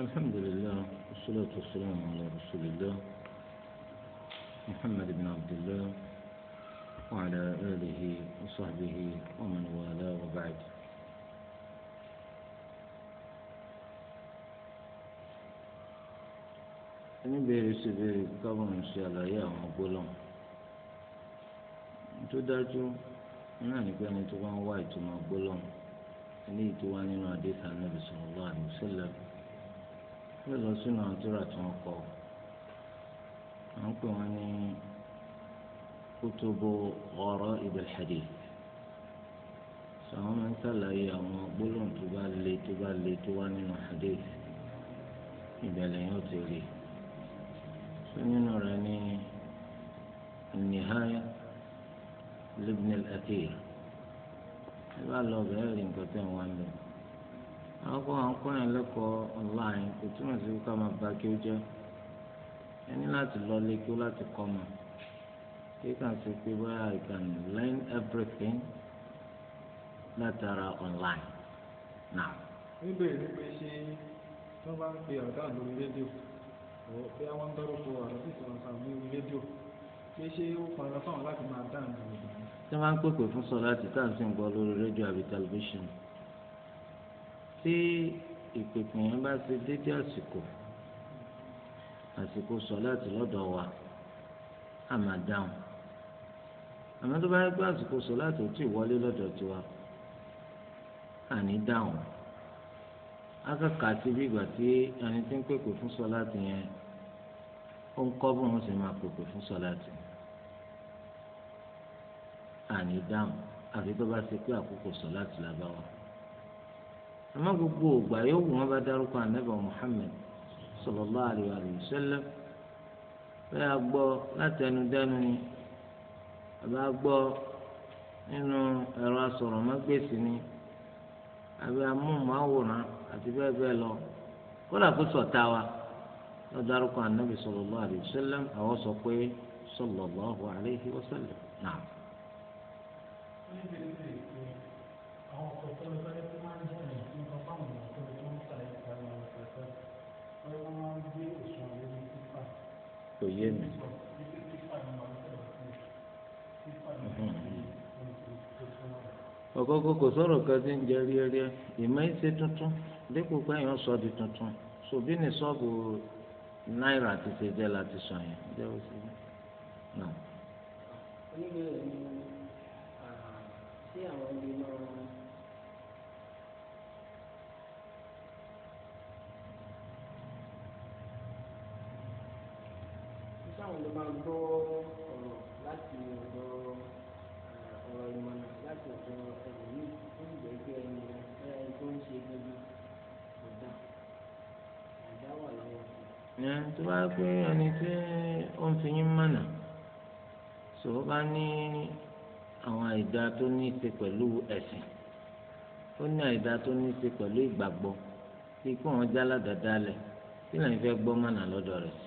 الحمد لله والصلاة والسلام على رسول الله محمد بن عبد الله وعلى آله وصحبه ومن والاه وبعد أنا بيرسي بيري كابون سي على يا مقولون تداتو أنا نكون توان وايتو مقولون أني توان ينادي النبي صلى الله عليه وسلم yóò lọ sínú àwọn tíra tí wọ́n kọ à ń pè wọ́n ní kútubù ọ̀rọ̀ ibẹ̀ hadith sàwọn máa ń sàlàyé àwọn gbólóhùn tó bá le tó bá le tó wá nínú hadith ìbẹ̀lẹ̀ yóò ti rí tó nínú ní nìháyà libnil athir ẹ bá lọ bẹ̀rẹ̀ rí nǹkan tẹ̀ wọ́n lò. akwụkwọ kó àwọn kó yẹn lẹ́kọ̀ọ́ online kò túmọ̀ sí ká máa ba kí ó lati ẹ láti lọ lé kí láti ma sí pé báyà can learn everything látara online now. níbẹ̀ ni pé ṣé wọ́n bá ń pe ọ̀dà lórí rédíò ọ̀ pé àwọn ń dọ́rọ̀ fún ọ̀rọ̀ lati ìsọ̀rọ̀ lórí rédíò pé ṣé ó tí ìpèpè yẹn bá ṣe dédé àsìkò àsìkò sọláàtì lọ́dọ̀ wa a máa dáhùn àmọ́ tó bá yẹ pé àsìkò sọláàtì ò tí ì wọlé lọ́dọ̀ tiwa àní dáhùn akẹ́kọ̀ọ́ àti bí ìgbà tí ẹni tí ń pèpè fún sọláàtì yẹn ó ń kọ́ bóun sì máa pèpè fún sọláàtì àní dáhùn àfi tó bá ṣe pé àkókò sọláàtì la bá ama gbogbo ògbà yóò wù wọ́n bá dárúkọ ànábì muhammed sallallahu alaihi wa sallam bẹ́ẹ̀ a gbọ́ látẹnudẹ́nu ni a gbọ́ nínú ẹ̀rọ asọ̀rọ̀mágbèsì ni àbí amóhùnmáwòrán àti bẹ́ẹ̀ bẹ́ẹ̀ lọ kódà kó sọ̀tà wa lọ dárúkọ ànábì sallallahu alaihi àwọn sọ pé sallallahu alaihi wa sallam náà. kò yé mi. ọ̀kọ́kọ́ kò sọ̀rọ̀ kan tí ń jẹ ríẹ́ríẹ́ ìmọ̀ ìṣe tuntun dípò pé èèyàn sọ di tuntun ṣòbí ní sọ́ọ̀bù náírà ti ṣe jẹ́ láti sọ yẹn jẹ́ ó sì ni ṣé àwọn ilé náà. ló máa ń tó ọ̀rọ̀ láti ọ̀dọ̀ eh, ọ̀rọ̀ ìmọ̀nà láti ọ̀dọ̀ ẹlòmíì tó ń jẹ́ pé ẹni eh, ẹni tó ń ṣe gbogbo kò dá àdá wà lọ́wọ́ sí i. tó bá pé ẹni tí ó ń fi yín mọ̀nà sòwò bá ní àwọn àìdá tó ní í ṣe pẹ̀lú ẹ̀sìn ó ní àìdá tó ní í ṣe pẹ̀lú ìgbàgbọ́ bí kí wọ́n jálá lẹ̀ kí lẹ́yìn fẹ́ gbọ́ mọ̀nà lọ́dọ̀ rẹ̀ sí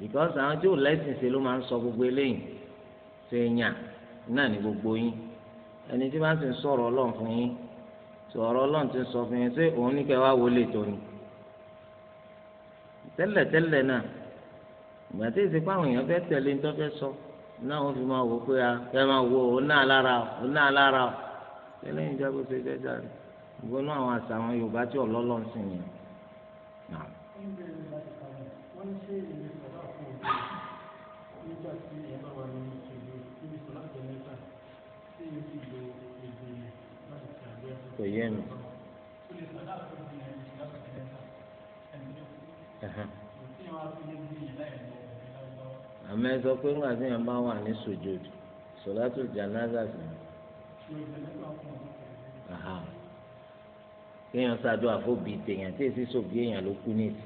because àwọn tí ò lẹ́sìn ṣe ló máa ń sọ gbogbo eléyìí ṣe yàn náà ní gbogbo yín ẹni tí wọ́n ti ń sọ̀rọ̀ ọlọ́run fún yín sọ̀rọ̀ ọlọ́run ti sọ fún yín ṣé òun ní kẹ́ wá wọlé tó ni tẹ́lẹ̀tẹ́lẹ̀ náà ìgbà tí ìsìnkú àwọn èèyàn fẹ́ tẹ̀lé ní tó fẹ́ sọ náà wọ́n fi máa wò pé a fẹ́ máa wo òun náà lára òun náà lára tẹ́lẹ̀ ń jágbó ṣe jẹ́ jáde ìgbóná àwọn àṣà àwọn Yorùbá tí ọ̀lọ́lọ́ ń sìn yẹn. kò yé mi. àmọ́ ẹ sọ pé ńgbà tí yẹn bá wà ní sòjòdì sọ̀látù jànáza sí i. kéèyàn ṣàdó àfọ́bì tèèyàn tí èsì sòbí èèyàn ló kú nìyí.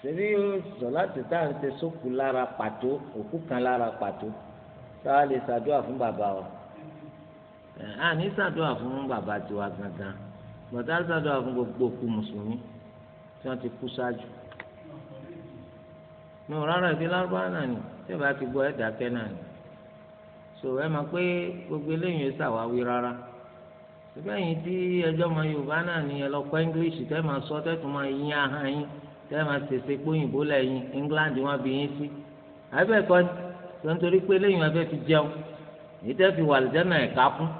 ṣèbí sọ̀látù tá à ń ṣe sókù lára pàtó òkú kan lára pàtó sáà lè ṣàdó àfún bàbá wa a ní ṣàdúrà fún bàbá tiwa gangan bàtà ṣàdúrà fún gbogbo òkú mùsùlùmí tí wọ́n ti kú ṣáájú ní rárá ìdí lárúbáwá náà ni tí ìbá ti gbọ́ ẹ̀ dákẹ́ náà ni so ẹ máa pé gbogbo eléyìí ẹ ṣàwáwí rárá síbẹ̀ yìí tí ẹjọ́ ọmọ yorùbá náà ni ẹ lọ kọ́ english tẹ́ máa sọ tẹ́ tún máa yín ahọ́n yín tẹ́ máa ṣèṣe gbóyìnbó lẹ́yìn england wọ́n bí yín sí àbẹ́ẹ̀kọ́ tó ń torí pé eléyìí wọn fẹ́ fi jẹun èyí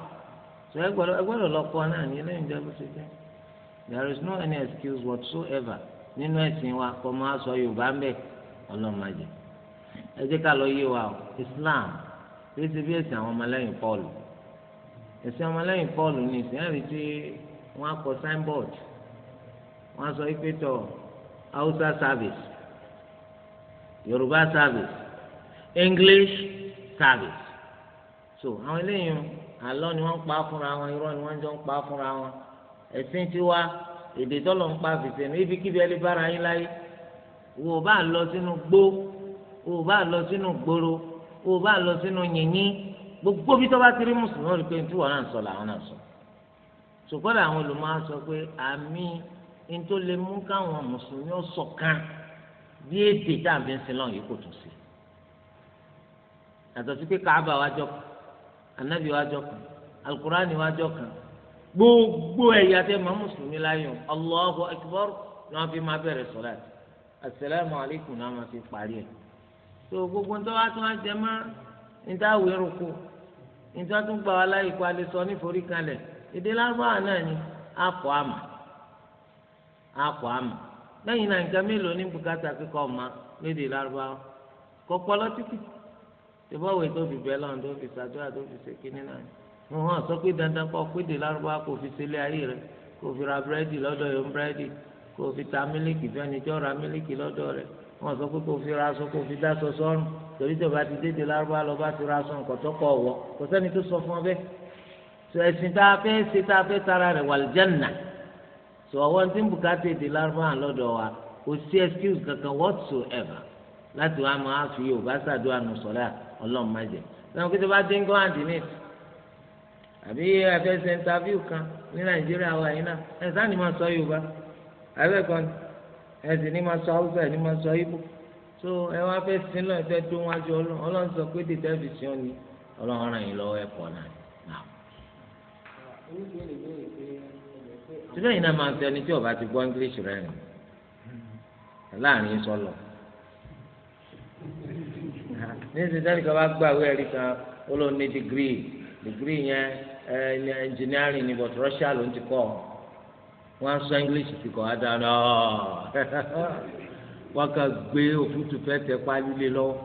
so ẹgbọ́dọ̀ lọ́kọ náà ní eléyìí jẹ́ bó ṣe jẹ́ there is no any excuse whatsoever nínú ẹ̀sìn wa kọ́ máa sọ yorùbá ń bẹ̀ ọlọ́màjẹ ẹ jẹ́ ká lọ yé wa o islam kìí ṣe bí ẹ̀sìn àwọn ọmọlẹ́yìn paul ẹ̀sìn ọmọlẹ́yìn paul ní ìsìn ẹ̀rí tí wọ́n á kọ signboard wọ́n sọ pé tọ hausa service yorùbá service english service so àwọn eléyìí àlọ́ ni wọ́n ń pa fúnra wọn irọ́ ni wọ́n jọ ń pa fúnra wọn ẹ̀sìn tiwa èdè tọ́lọ̀ ń pa fìfẹ́ nu ibikíbi ẹ lè bára yín láyé wò bá lọ sínú gbó wò bá lọ sínú gbòòrò wò bá lọ sínú yìnyín gbogbo bí tó bá ti rí mùsùlùmí rí pé tí wọn náà sọ làwọn náà sọ ṣùgbọ́n àwọn olùmọ̀ á sọ pé àmì ntó lè mú káwọn mùsùlùmí ọ̀ṣọ̀kan bí èdè tá à ń fi ń sin lọ́hùn yìí kò tún sí yàtọ̀ káàbà wájọ́ kù anabi wa jọ kan alukurani wa jọ kan gbogbo ẹ̀yà tẹ ma mùsùlùmí láyé o allahu akbar ni wọn fi máa bẹ̀rẹ̀ sọlá asalaamu alaykum náà ma fi parí ẹ tó gbogbo ntọ́ wa tún ajẹ́ mọ́ níta wẹ̀rù kú níta tún gbà wá láyé kó alẹ́ sọ ní forí kalẹ̀ èdè lárúbáwá náà ni akọ àmà akọ àmà lẹ́yìn náà nǹkan mélòó ní bùkátà kíkọ́ ọ̀ma lédè lárúbáwá kọ́kọ́ lọ́tí kìtì tìbọ̀wé tó fi bẹ́ẹ̀ lọ́nà tó fi ṣàdúrà tó fi ṣe kínní náà mo hàn sọ pé dandan kọ́ pédè lárúbáwá kò fi ṣe ilé ayé rẹ kò fi ra búrẹ́dì lọ́dọ̀ yóò búrẹ́dì kò fi ta mílíkì fẹ́ni jọ́ ra mílíkì lọ́dọ̀ rẹ wọn sọ pé kò fi ra aṣọ kò fi dáṣọ sọ́rùn torí tó bá ti dédé lárúbáwá lọ bá ti ra aṣọ nǹkan tọkọ ọ̀wọ́ kò sẹ́ni tó sọ fún ọ sọ ẹ̀sìn tá a fẹ́ wa kò sí excuse whatsoever láti wá máa fi Yorùbá ṣàdúrà nù sọ́lá ọlọ́run má jẹ bá dé England ní àbí ẹ̀fẹ́ kan ní Nàìjíríà náà ni sọ Yorùbá sì ni sọ ni sọ ẹ wá fẹ́ sin tó wájú ọlọ́run sọ pé sí ọ ni ọlọ́run ràn yín lọ́wọ́ ẹ̀kọ́ náà. náà máa ń fẹ́ ẹni tí ọba ti gbọ́ English rẹ̀ láàrin ní ìsìn sẹ́ni kan bá gba ìwé ẹ̀rí kan ó lóun ní dìgírì dìgírì yẹn ẹ ẹnjìnírìn ní but Russia ló ń ti kọ́ wọ́n á sọ English ti kọ́ á dáná wọ́n kà gbé òfútu fẹ́ tẹ pálí lé lọ́wọ́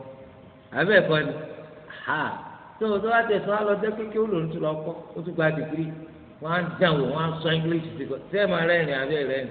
àbẹ́ ẹ̀kọ́ ni ha tó o tó bá tẹ̀sán á lọ jẹ́ kékeré ó lòún ti lọ kọ́ ó tún gba dìgírì wọ́n á dàn wọ́n á sọ English ti kọ́ sẹ́ẹ̀ máa rẹ́rìn àbẹ́ rẹ́rìn.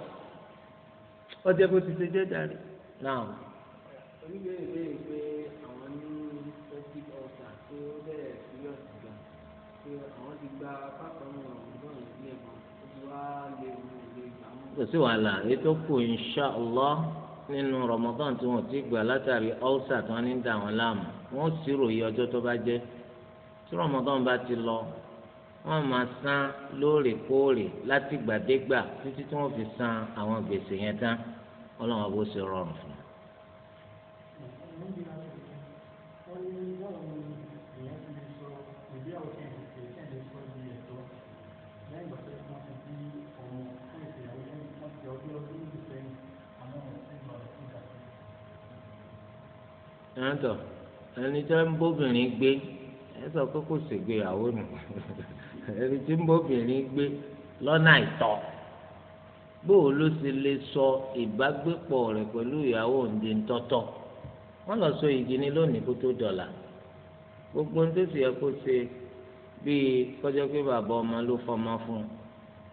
ọjọ́ bó ti ṣe jẹ́ jàre náà. oníbèrè béèrè pé àwọn ní peptic ulcer tó bẹ̀rẹ̀ serious gan pé àwọn ti gba pápá náà ọ̀gbọ́n ìdílé kan ó ti wá lé wọn lè gbà wọn. kò sí wàhálà ètò kù insha Allah nínú Ramadan tí wọn ti gbà látàrí ulcer tí wọn ní dà wọn láàmú wọn sì ròyìn ọjọ́ tó bá jẹ́ tí Ramadan bá ti lọ wọ́n máa san lóòrèkóòrè láti gbàdégbà títí tí wọ́n fi san àwọn gbèsè yẹn tán ọlọ́run àbó ṣe rọrùn fún un. ẹnitọ́ ẹni tó ń bóbìnrin gbé ẹ sọ pé kò ṣègbéyàwó nù ẹni tí ń bóbìnrin gbé lọ́nà àìtọ́ bóò ló sì lè sọ ìbágbépọ̀ rẹ̀ pẹ̀lú ìyàwó òǹdè ńtọ́tọ́ wọ́n lọ sọ igi ní lónìí kó tó dọ̀là gbogbo ní tó sì yẹ kó ṣe bíi kọjá pé bàbá ọmọ ló fọmọ fún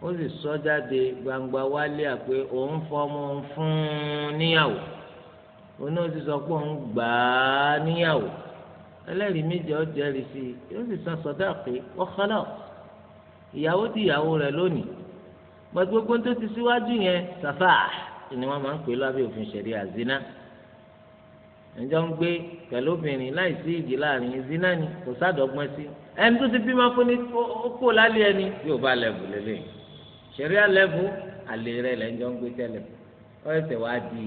un ó sì sọ jáde gbangba wálé àpé òun fọmọ fún un níyàwó òun náà sì sọ pé òun gbà á níyàwó ẹlẹ́rìí méje ọ̀jẹ̀rìí sí i yóò sì san sọ̀dá pé wọ́n ìyàwó di ìyàwó rẹ̀ lónìí gbogbo tó ti síwájú yẹn sàfà ni wọ́n máa ń pè lábẹ́ òfin ṣẹ̀rí àzínà ẹjọ́ ń gbé pẹ̀lú obìnrin láì ìdí láàrin zínà ni kò sádọ́gbọ́n sí ẹni tó ti bímọ fún ni ó kó lálẹ́ ẹni yóò bá lẹ́bù lélẹ̀ ṣẹ̀rí àlẹ́bù àlè rẹ̀ lẹ́jọ́ ń gbé tẹ́lẹ̀ ó ẹsẹ̀ wá di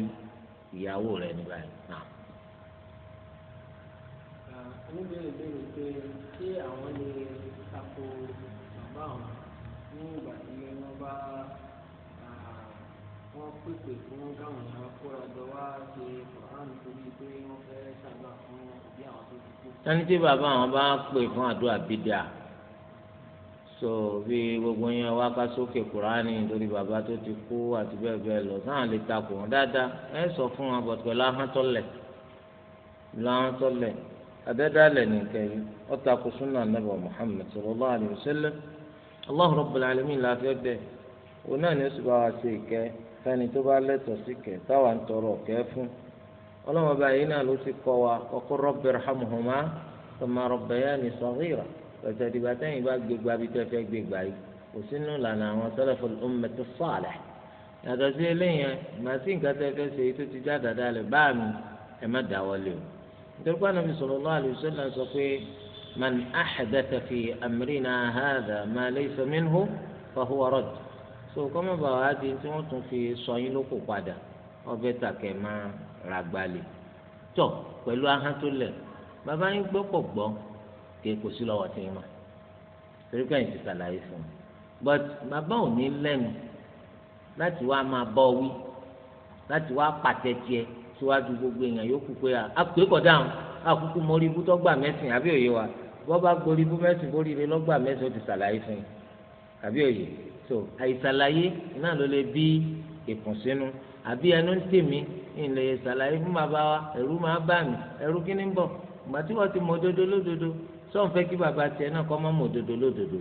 ìyàwó rẹ̀ ní báyìí náà. oníbèrè bèrè pé kí àwọn ní wọ́n pèpè fún káwọn èèyàn kóra jọ wá ṣe Quran torí pé wọ́n fẹ́ ṣàgbà fún òbí àwọn tó ti kú. ẹni tí bàbá àwọn bá pè fún àdúrà bídà so bí gbogbo yẹn wá ká sókè Kúránì nítorí bàbá tó ti kú àti bẹ́ẹ̀ bẹ́ẹ̀ lọ sáà lè takò wọn dáadáa ẹ sọ fún wọn bọ̀ pẹ̀lú ahọ́ntọ́lẹ̀ láhọ́ntọ́lẹ̀ àdẹ́dàlẹ̀ nìkan yìí ó takò súnà nàbà Muhammad sallallahu náà ni fẹ́ni tó bá lẹ́tọ̀ọ́ sí kẹ̀ táwa ń tọrọ ọ̀kẹ́ fún ọlọ́wọ́n bá yìí náà ló ti kọ́ wa ọkọ rọ́bì rahamuhuma tọ́mà rọ́bì yá ni sọ́hìrà pẹ̀sẹ̀ ìdìbà tẹ́yìn bá gbégbá bí tẹ́fẹ́ gbégbá yìí kò sínú ìlànà àwọn sẹ́lẹ̀fọ̀ ọmọọmọtò sọ́ọ̀lẹ̀ yàtọ̀ sí eléyẹn màsí nǹkan tẹ́fẹ́ ṣe tó ti já dàda lẹ̀ bá mi ẹ̀ má dà wọlé o nítorí pé Ànábì sallallahu alaihi wasallam sọ pé man ahdatha fi amrina hadha ma laysa minhu fahuwa so kọ́mọ̀bà wa di tí wọ́n tún fi sọ yín lóko padà ọbẹ̀ tàkẹ́ máa ra gbalẹ̀ tọ̀ pẹ̀lú ahọ́n tó lẹ̀ bàbá yín gbọ́ pọ̀ gbọ́ kí kò sí lọ́wọ́ tí ń mọ̀ torí pé ẹ̀yìn ti ṣàlàyé fún un but bàbá ò ní lẹ́nu láti wá máa bọ́ wí láti wá pàtẹ tiẹ̀ síwájú gbogbo èèyàn yòókù pé àpékọ̀ dáhùn àkúkú mọ́rí ibú tó gbà mẹ́sìn àbí òye wa bọ́ bá gborí ibú mẹ́sìn bórí ire lọ́gbà mẹ́sìn ó ti ṣàlàyé fún un àbí òye so àìsàlàyé náà ló lè bí ìkùnsínú àbí ẹnu ń tèmi ìlẹ̀ ìsàlàyé fún bàbá wa ẹ̀rú máa bà mí ẹ̀rú kí ni ń bọ̀ ìgbà tí wọ́n ti mọ òdodo lódodo sọ́n fẹ́ kí bàbá tiẹ̀ náà kọ́ mọ́ mọ òdodo lódodo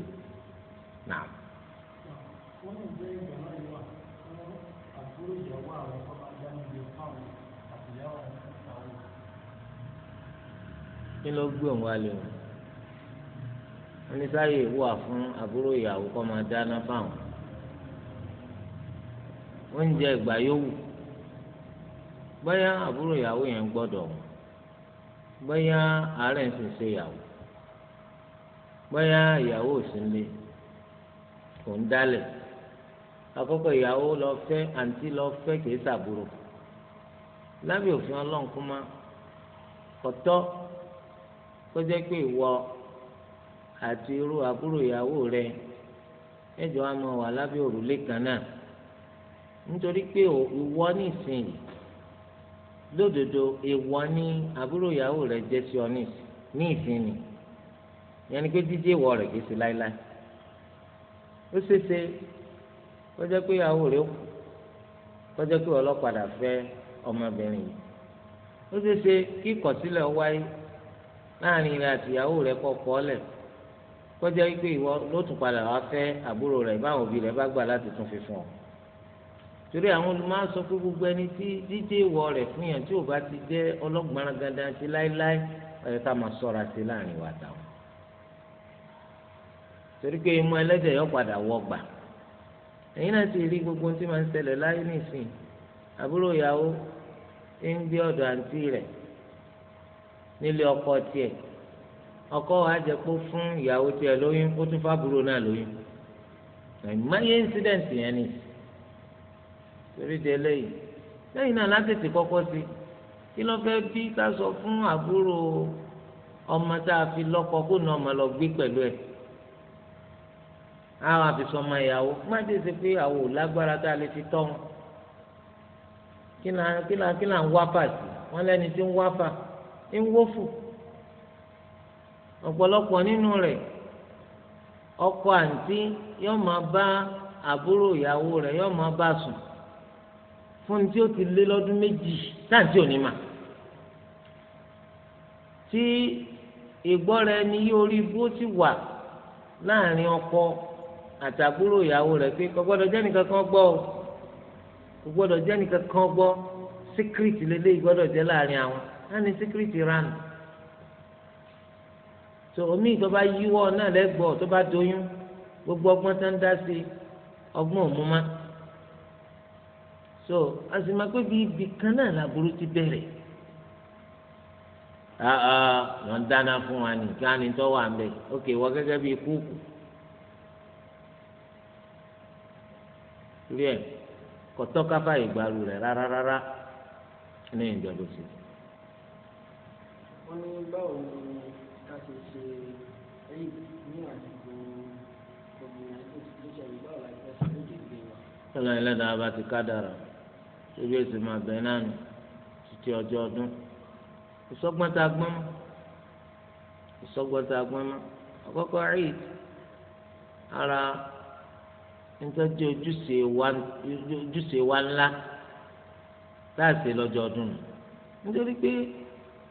kí ló gbé òun wá lé wọn ní sáyè wà fún àbúrò ìyàwó kọ́ máa dáná fáwọn oúnjẹ ìgbà yòówù bóyá àbúrò ìyàwó yẹn gbọ́dọ̀ wọn bóyá àárẹ̀ ń ṣiṣẹ́ ìyàwó bóyá ìyàwó ò sí mi kò ń dálẹ̀ àkọ́kọ́ ìyàwó lọ fẹ́ àǹtí lọ fẹ́ kìí sàbúrò lábẹ́ òfin ọlọ́run kúmá kọ̀tọ́ pé ìwọ. àti irú àbúrò ìyàwó rẹ ẹjọ á máa wà lábẹ́ òrùlé kan náà nítorí pé ìwọ nísìnyí lódodo ìwọ ní àbúrò ìyàwó rẹ jẹ sí ọ ni pé jíjẹ ìwọ rẹ kìí ṣe láéláé ó ṣeéṣe kọjá pé ìyàwó rẹ kù kọjá pé ọlọ́padà fẹ́ ọmọbìnrin yìí ó ṣeéṣe kí ìkọ̀sílẹ̀ rẹ àti kọjá yìí pé ìwọ ló tún padà wá fẹ́ àbúrò rẹ̀ báwọn òbí rẹ̀ bá gbà láti tún fi fún ọ torí àwọn olùmọ̀ọ́ sọ pé gbogbo ẹni tí dídé ìwọ rẹ̀ fún yàn tí ò bá ti jẹ́ ọlọ́gbọ́n gandan ti láéláé ọ̀yẹ́ ká máa sọ̀ra sí láàrin wa táwọn torí pé imú ẹlẹ́dẹ̀ yọ padà wọ gbà ẹ̀yin náà ti rí gbogbo ohun tí máa ń ṣẹlẹ̀ láyé nìsín àbúrò ìyàwó ń gbé ọ̀dọ̀ àǹtí rẹ̀ nílé ọkọ tiẹ̀ ọkọ wa jẹ kó fún ìyàwó tiẹ̀ lóyún ó tún fábúrò náà lóyún ìmọ̀ye incident yẹn ni torí de eléyìí lẹ́yìn náà látètè kọ́kọ́ sí kí ló fẹ́ bí ká sọ fún àbúrò ọmọ tá a fi lọ́kọ kó na ọmọ lọ gbé pẹ̀lú ẹ̀ àwọn àfisọmọ ìyàwó pàdé sí pé àwọn ò lágbára tá a lè fi tọ́ wọn kí là ń wá fà sí wọn lẹ́ni tí ń wá fà ń wó fù ọ̀pọ̀lọpọ̀ nínú rẹ̀ ọkọ àǹtí yóò máa bá àbúrò ìyàwó rẹ̀ yóò máa bá sùn fún tí ó ti lé lọ́dún méjì táǹtí ò ní mà tí ìgbọ́ra ẹni yí orí bó ti wà láàrin ọkọ àtàbúrò ìyàwó rẹ̀ pé kò gbọ́dọ̀ jẹ́nìkan kan gbọ́ o kò gbọ́dọ̀ jẹ́nìkan kan gbọ́ síkírìtì lélẹ́yìí gbọ́dọ̀ jẹ́ láàrin àwọn á síkírìtì ránù tó omi tó bá yíwọ́ náà lẹ́gbọ̀ọ́ tó bá doyún gbogbo ọgbọ́n tó ń dá sí ọgbọ́n òmùmá so àsìmọ́ pé bí ibì kan náà làbúrú ti bẹ̀rẹ̀ lọ ń dáná fún wa ní kí á ní tó wà ń bẹ̀ ok wọ́ gẹ́gẹ́ bí kúùkù torí ẹ̀ kọ̀tọ́ káfá ìgbàlù rẹ̀ rárá rárá ní ìjọba òsì. wọ́n ní báwo ni láti ṣe rí ní àsìkò covid nineteen tó ṣẹlẹ̀ báwo la ṣe ṣe lóde ìgbé wa. ọlọ́run ẹlẹ́dàá bá ti ká dára ṣébí èsì máa bẹ̀ náà nù títí ọjọ́ ọdún ìsọgbọ́n tá a gbọ́n mọ́ ìsọgbọ́n tá a gbọ́n mọ́ àkọ́kọ́ eid ara nítorí ojúṣe wa ńlá tá a ṣe lọ́jọ́ ọdún nù nítorí pé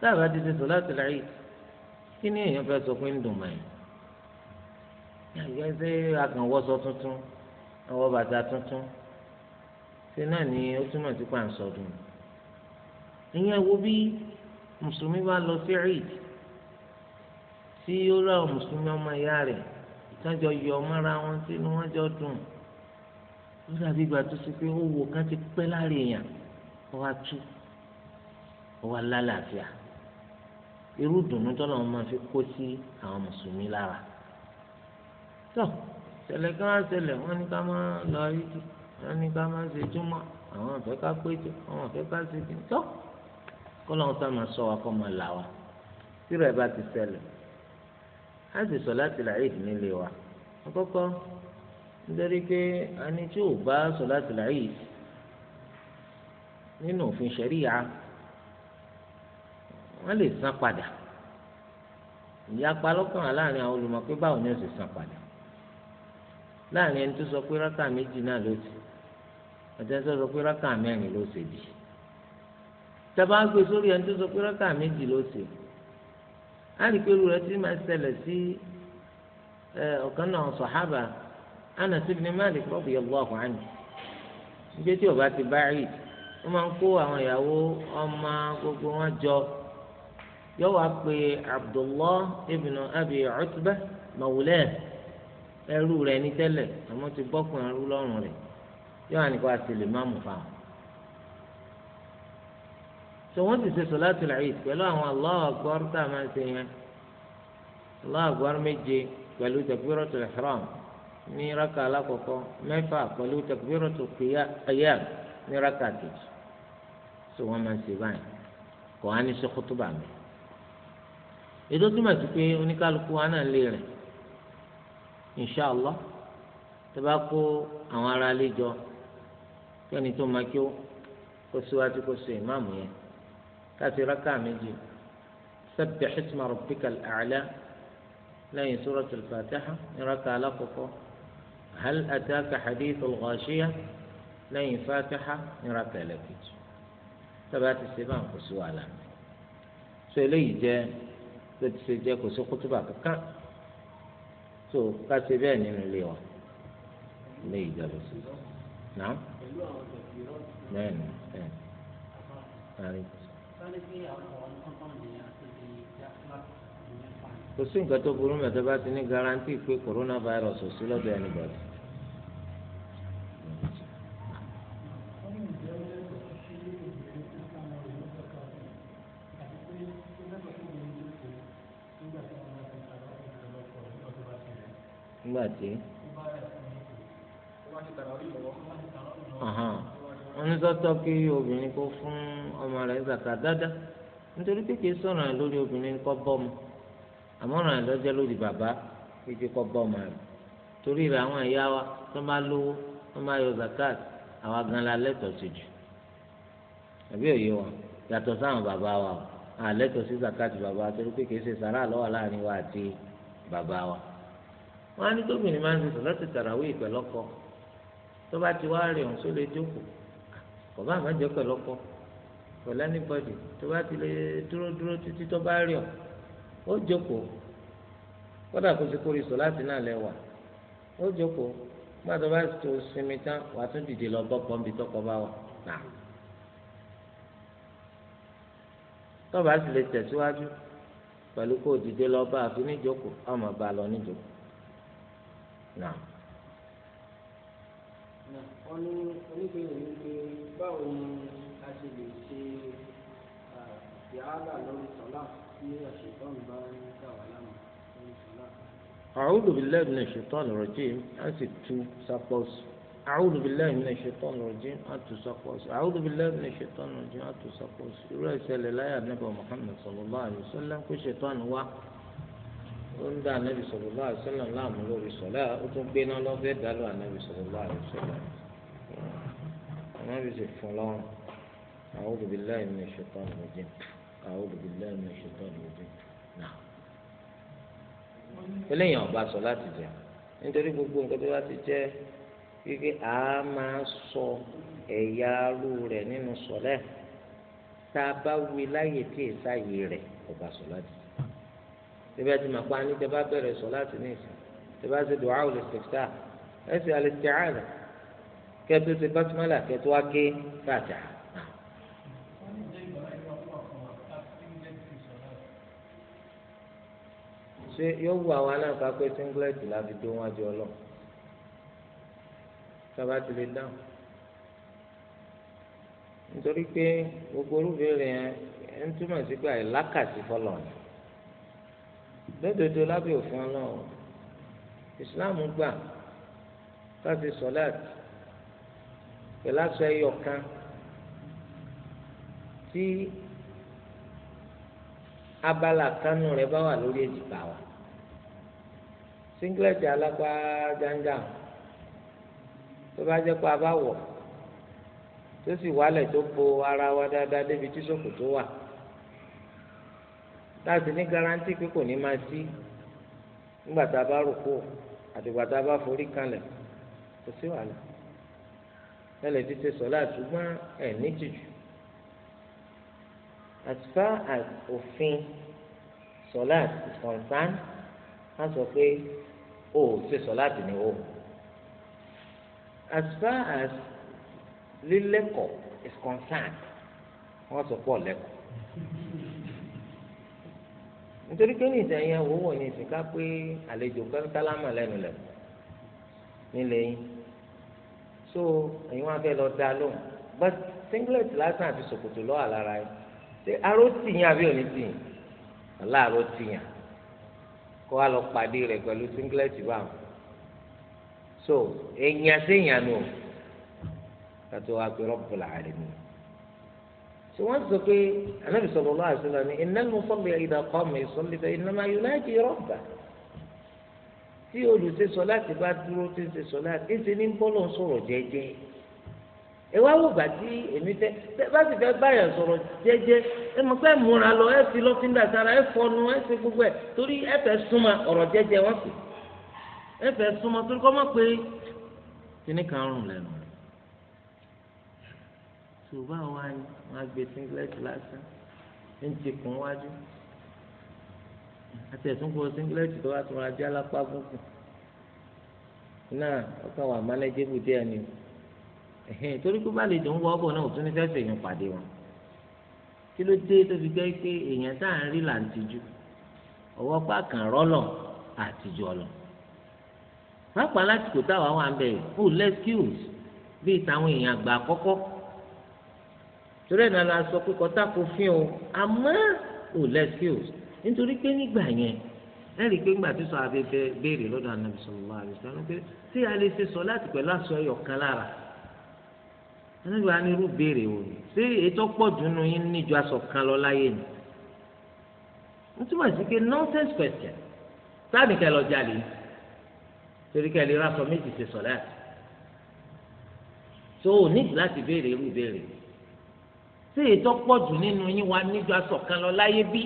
tá a bá ti ṣe sọ láti rà eid kí ni èèyàn fẹ́ sọ pé ń dùn mọ́ẹ̀ àgbẹ̀ ṣe àkànwọ́sọ tuntun ọwọ́ bàtà tuntun ṣe náà ni ó túmọ̀ sí pàǹsọ̀dùn ìyẹn wo bí mùsùlùmí bá lọ sí eid tí ó rà mùsùlùmí ọmọ ìyá rẹ̀ ìtọ́jọ yọ mọ́ra wọn sínú wọn jọ dùn ó dàbí ìgbà tó ṣe pé ó wò kán ti pẹ́ láàrin èèyàn ó wá tú ó wá lálàáfíà irú dùnú tọ́lọ̀ wọn máa fi kó sí àwọn mùsùlùmí lára tó ṣẹlẹ̀ kí wọ́n ṣẹlẹ̀ wọ́n ní ká máa lọ yíjú wọ́n ní ká máa ṣe júmọ́ àwọn ọ̀fẹ́ ká péjọ àwọn ọ̀fẹ́ ká ṣe kí n tọ́ kó lọ́wọ́ sá máa sọ wa kó máa là wa tí rẹ̀ bá ti ṣẹlẹ̀ á sì sọ láti là éèdì nílé wa àkọ́kọ́ nítorí pé ẹni tí ò bá sọ láti là éèdì nínú òfin ṣẹ̀ríyà wọ́n lè san padà ìyapa lọ́kàn án láàrin àwọn olùmọ̀ pé báwo ni ó sì san padà láàrin ẹni tó sọ pé rákà méjì náà ló ti àti ẹni tó sọ pé rákà mẹ́rin ló ṣe bì tẹ́bá gbé sórí ẹni tó sọ pé rákà méjì ló ṣe á rí ti máa ṣẹlẹ̀ sí ọ̀kan náà sọ̀hábà Anas ibn Malik radiyallahu anhu níbi tí ó ti bá rí i wọ́n máa ń kó àwọn ìyàwó ọmọ gbogbo wọn jọ yóò wá pé abdullah ibn abi utba mawulẹ ẹrú rẹ̀ ní tẹ́lẹ̀ àmọ́ ti bọkùn ẹrú lọ́rùn rẹ̀ yóò wá ní kó a sì lè má mú fa so wọn ti ṣe sọláàtì làyè pẹ̀lú àwọn Allahu akbar tá a máa ṣe yẹn Allahu akbar méje pẹ̀lú takbiratul ihram ní raka alákọ̀ọ́kọ́ mẹ́fà pẹ̀lú takbiratul qiyam ní raka kejì so wọn máa ṣe báyìí kò á ní sọ kótó bàmí ètò túmọ̀ sí pé oníkálukú wa náà lè rìn inṣàlá tó bá kó àwọn ará ilé jọ kí ẹni tó máa kí ó kó síwájú kó so ìmáàmù yẹn káṣí rákà méjì sabbih isma rabbikal a'la lẹ́yìn suratul fatiha ní rákà alákọ̀ọ́kọ́ hal ataka hadithul ghashiya lẹ́yìn fatiha ní rákà ẹlẹ́kejì tó bá ti ṣe bá kó sí wàhálà eléyìí jẹ́ tó ti ṣe jẹ́ kò sí kútúbà kankan tó ká ṣe bẹ́ẹ̀ nínú ilé wa ilé ìjọba sí náà bẹ́ẹ̀ kò sí nǹkan tó burú mẹ́tọ́ bá ti ní garanti pé coronavirus ò sí lọ́dọ̀ ẹnìbọ̀dì. nígbà tí. wọ́n ní sọ́tọ́ kí obìnrin kó fún ọmọ rẹ̀ zàkà dáadáa nítorí pé kìí sọ̀rọ̀ ẹ̀ lórí obìnrin kọ́ bọ́ọ̀mù àmọ́ ọ̀rọ̀ ẹ̀ lọ́jọ́ lórí bàbá kíkí kọ́ bọ́ọ̀mù rẹ̀ torí rẹ̀ àwọn ẹ̀yà wa tó máa lówó tó máa yọ zakat àwa gan la lẹ́tọ̀ọ́ sí jù àbí òye wọn yàtọ̀ sáwọn bàbá wa o àlẹ́tọ̀ọ́ sí zakat bàbá torí pé kìí ṣe sàrà lọ́wọ́ láàrin wa àti bàbá wa wọn á ní tóbìnrin máa ń sọsọ láti tàràwé ìpẹlọkọ tó bá ti wá rè ọ̀hún só lè jókòó kò bá àmọ́ jẹ́ pẹ̀lọ́kọ pẹ̀lú anybody tó bá ti lè dúró dúró títí tó bá rè ọ̀ ó jókòó kódà kó ti kórè sọ láti náà lẹ́wà ó jókòó nígbà tó bá tó sinmi tán wàá tún dìde lọ bọ́ pọ́ńbì tọkọ bá wà náà tó bá sì lè tẹ̀síwájú pẹ̀lú kó dìde lọ bá àfi níjókòó ọmọ bá lọ níjókòó náà. wọ́n ní oníbèrè ní pé báwo ni a ṣe lè ṣe yàrá lórí sọ́lá tí àṣetán bá ń dà wá lánàá lórí sọ́lá. أعوذ بالله من الشيطان الرجيم أنسيتو سابوس أعوذ بالله من الشيطان الرجيم أنتو سابوس أعوذ بالله من الشيطان الرجيم أنتو سابوس يقول لا النبي محمد صلى الله عليه وسلم كل شيطان هو ó ń dá anabi sallallahu alaihi wasallam láàmú lórí sọlá ó tún gbé náà lọ́fẹ́ dálọ́ anabi sallallahu alaihi wasallam anabi sì fún lọ́rùn a'udhu billahi minash shaitani rajim a'udhu billahi minash shaitani rajim náà. eléyìí ọba sọ láti jẹ nítorí gbogbo nǹkan tó bá ti jẹ kíkẹ́ a máa sọ ẹ̀yà aró rẹ̀ nínú sọlẹ̀ tá a bá wí láyè tí èsà yìí rẹ̀ ọba sọ láti jẹ tẹ́bí àti màpá ní tẹ́ bá bẹ̀rẹ̀ sọ láti ní ìsìn tẹ́ bá ṣe dùn áwòlè sèftà ẹ ṣe àlè sèáàlà kẹ́tù ṣe bàtúmọ́là kẹ́tù wá ké fàjà. ṣé yóò wù àwa náà ká pé singlet la fi wọn jọ lọ sábà ti lè dáhùn nítorí pé gbogbo olúbẹ̀rẹ̀ yẹn ń túmọ̀ sí pé àìlákàtì fọlọ́ọ̀nù lódodo lábẹ́ òfin ọlọ́run islam gbà láti sọ̀láàtì pẹ̀lú aṣọ ẹyọ kan tí abala kanu rẹ̀ bá wà lórí èjìká wa singlet alápá janja tó bá jẹ́ pé a bá wọ̀ tó sì wálẹ̀ tó bo ara wa dáadáa débi tí ṣòkòtò wà láti ní garanti pé kò ní máa sí nígbà tá a bá rúkú àtìgbà tá a bá forí kalẹ̀ kò sí wàhálà lẹ́lẹ̀ ti ṣe sọ́lá ṣùgbọ́n ẹ̀ nítìjú as far as òfin sọ́lá is concerned wọ́n sọ pé o ò ṣe sọ́lá tì ní o as far as lílẹ́kọ̀ọ́ is concerned wọ́n sọ pé ọ̀lẹ́kọ̀ọ́ nítorí pé ní ìtẹ̀yìn ẹ̀wọ̀ wọ̀ ní ìsìnká pé àlejò kálámà lẹ́nu lẹ̀ nílé yín so ẹ̀yin wọn abẹ́ lọ da lóhùn but singlet lásán àti ṣòkòtò lọ́wọ́ àlára yín ṣé aró tì yín àbí òní tì yín ọ̀la aró tì yín kó wa lọ pàdé rẹ̀ pẹ̀lú singlet báwọn so èèyàn séèyàn nù kátó wa pé rọ́pùlà àrèmí tí wọ́n sọ pé anabi sallallahu alaihi wasallam ní innal musalli idha qama yusalli fa innama yunaji rabbah tí olùsèsọ láti bá dúró tí ń sèsọ láti ń ṣe ní bọ́lọ̀ sọ̀rọ̀ jẹ́jẹ́ ẹ wá wò bá tí èmi fẹ́ bá sì fẹ́ báyà sọ̀rọ̀ jẹ́jẹ́ ẹ mọ̀ pé múra lọ ẹ fi lọ́fíńdà sára ẹ fọnu ẹ ṣe gbogbo ẹ torí ẹ fẹ́ súnmọ́ ọ̀rọ̀ jẹ́jẹ́ wọ́n sì ẹ fẹ́ súnmọ́ torí kọ́ mọ̀ pé kíní kan rùn lẹ́nu ṣùgbọ́n àwọn àyè wọn gbé singlet lásán ń ti kún wájú àti ẹ̀sùn kó singlet tó wá tó ra jẹ́ alápá gúngùn náà ọkàn wà mánẹ́jẹ́bù díẹ̀ ni ẹ̀hìn torí pé báàlì tó ń wọ ọkọ̀ náà ò tún ní fẹ́ẹ́ fẹ̀yìn pàdé wọn kí ló dé tó fi gbẹ́ pé èèyàn tá à ń rí là ń tijú ọwọ́ pa kàn rọ́lọ̀ àtijọ́ ọ̀lọ̀ pápá lásìkò táwa wà ń bẹ̀ ò lẹ́skíùs bíi táwọn èèyàn àgbà àkọ́kọ́ torí ẹ̀ náà la sọ pé kọ́tà kò fi hàn àmọ́ ò lẹ́síọ̀s nítorí pé nígbà yẹn ẹ rí i pé nígbà tí sọ abẹ́fẹ́ béèrè lọ́dọ̀ Ànábì sallallahu alaihi wasallam pé tí a lè ṣe sọ láti pẹ̀lú aṣọ ẹyọ kan lára Ànábì wa ní irú béèrè wò ni ṣé ètò pọ̀ dùnú yín níjọ aṣọ kan lọ láyé ni n túmọ̀ sí pé nonsense question sáà nìkan lọ jalè torí kẹ́ ẹ lè ra aṣọ méjì ṣe sọ láti tó o nídìí láti béèrè irú béèrè yìí ṣé ètò pọ̀jù nínú yín wa níjọ aṣọ kan lọ láyé bí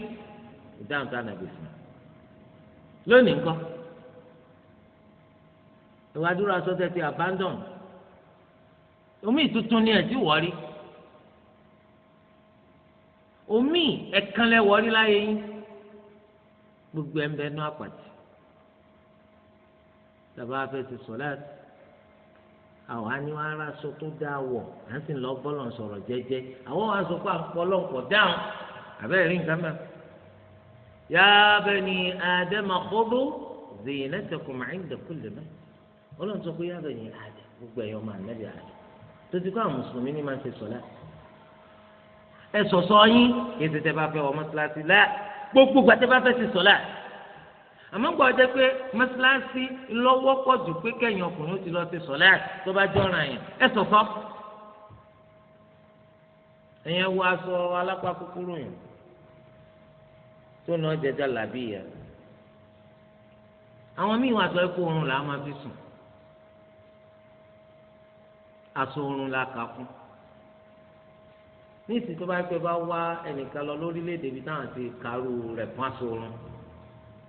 ìdáhùn tó ànàbì fún un lónìí nǹkan ìwádìí aṣọ tẹ ti abandon omi ìtútù ni ẹ ti wọrí omi ẹ̀kan lẹ wọrí láyé yín gbogbo ẹ̀ ń bẹ nú àpàtì tàbá fẹ́ ti sọ̀ láti àwọn á ní wọn ara aṣọ tó dáa wọ̀ à ń sì lọ bọ́lọ̀ sọ̀rọ̀ jẹ́jẹ́ àwọn wa sọ pé à ń pọ̀ lọ́nkọ̀ dáhùn àbẹ́rẹ́ rí nǹkan mẹ́rin. yá bani adama khudhu zinatakum 'inda kulli ma ọlọ́run sọ pé yá bani adam gbogbo ẹ̀yọ́ máa nẹ́bí adam tó ti kọ́ àwọn mùsùlùmí ní máa ń ṣe sọ́lá ẹ sọ̀sọ́ yín kí ẹ tètè bá fẹ́ wọ mọ́ṣáláṣí lá gbogbo gbàtẹ́ bá fẹ́ ṣe sọ́lá àmọ́ gbọ́ jẹ́ pé mọ́sálásí lọ́wọ́ pọ̀ jù pé kẹ́yìn ọkùnrin ó ti lọ ti sọ̀lẹ́ àti tó bá jọra yẹn ẹ sọ̀sọ́. ẹ̀yẹn wo aṣọ alápá kúkúrú yẹn tó náà jẹjẹ làbí yẹ. àwọn míì wà sọ pé oorun là á máa fi sùn aṣọ oorun la kà fún ní ìsìn tó bá pẹ́ bá wá ẹnìkan lọ lórílẹ̀‐èdè ibi táwọn ti kàrú rẹ̀ fún aṣọ oorun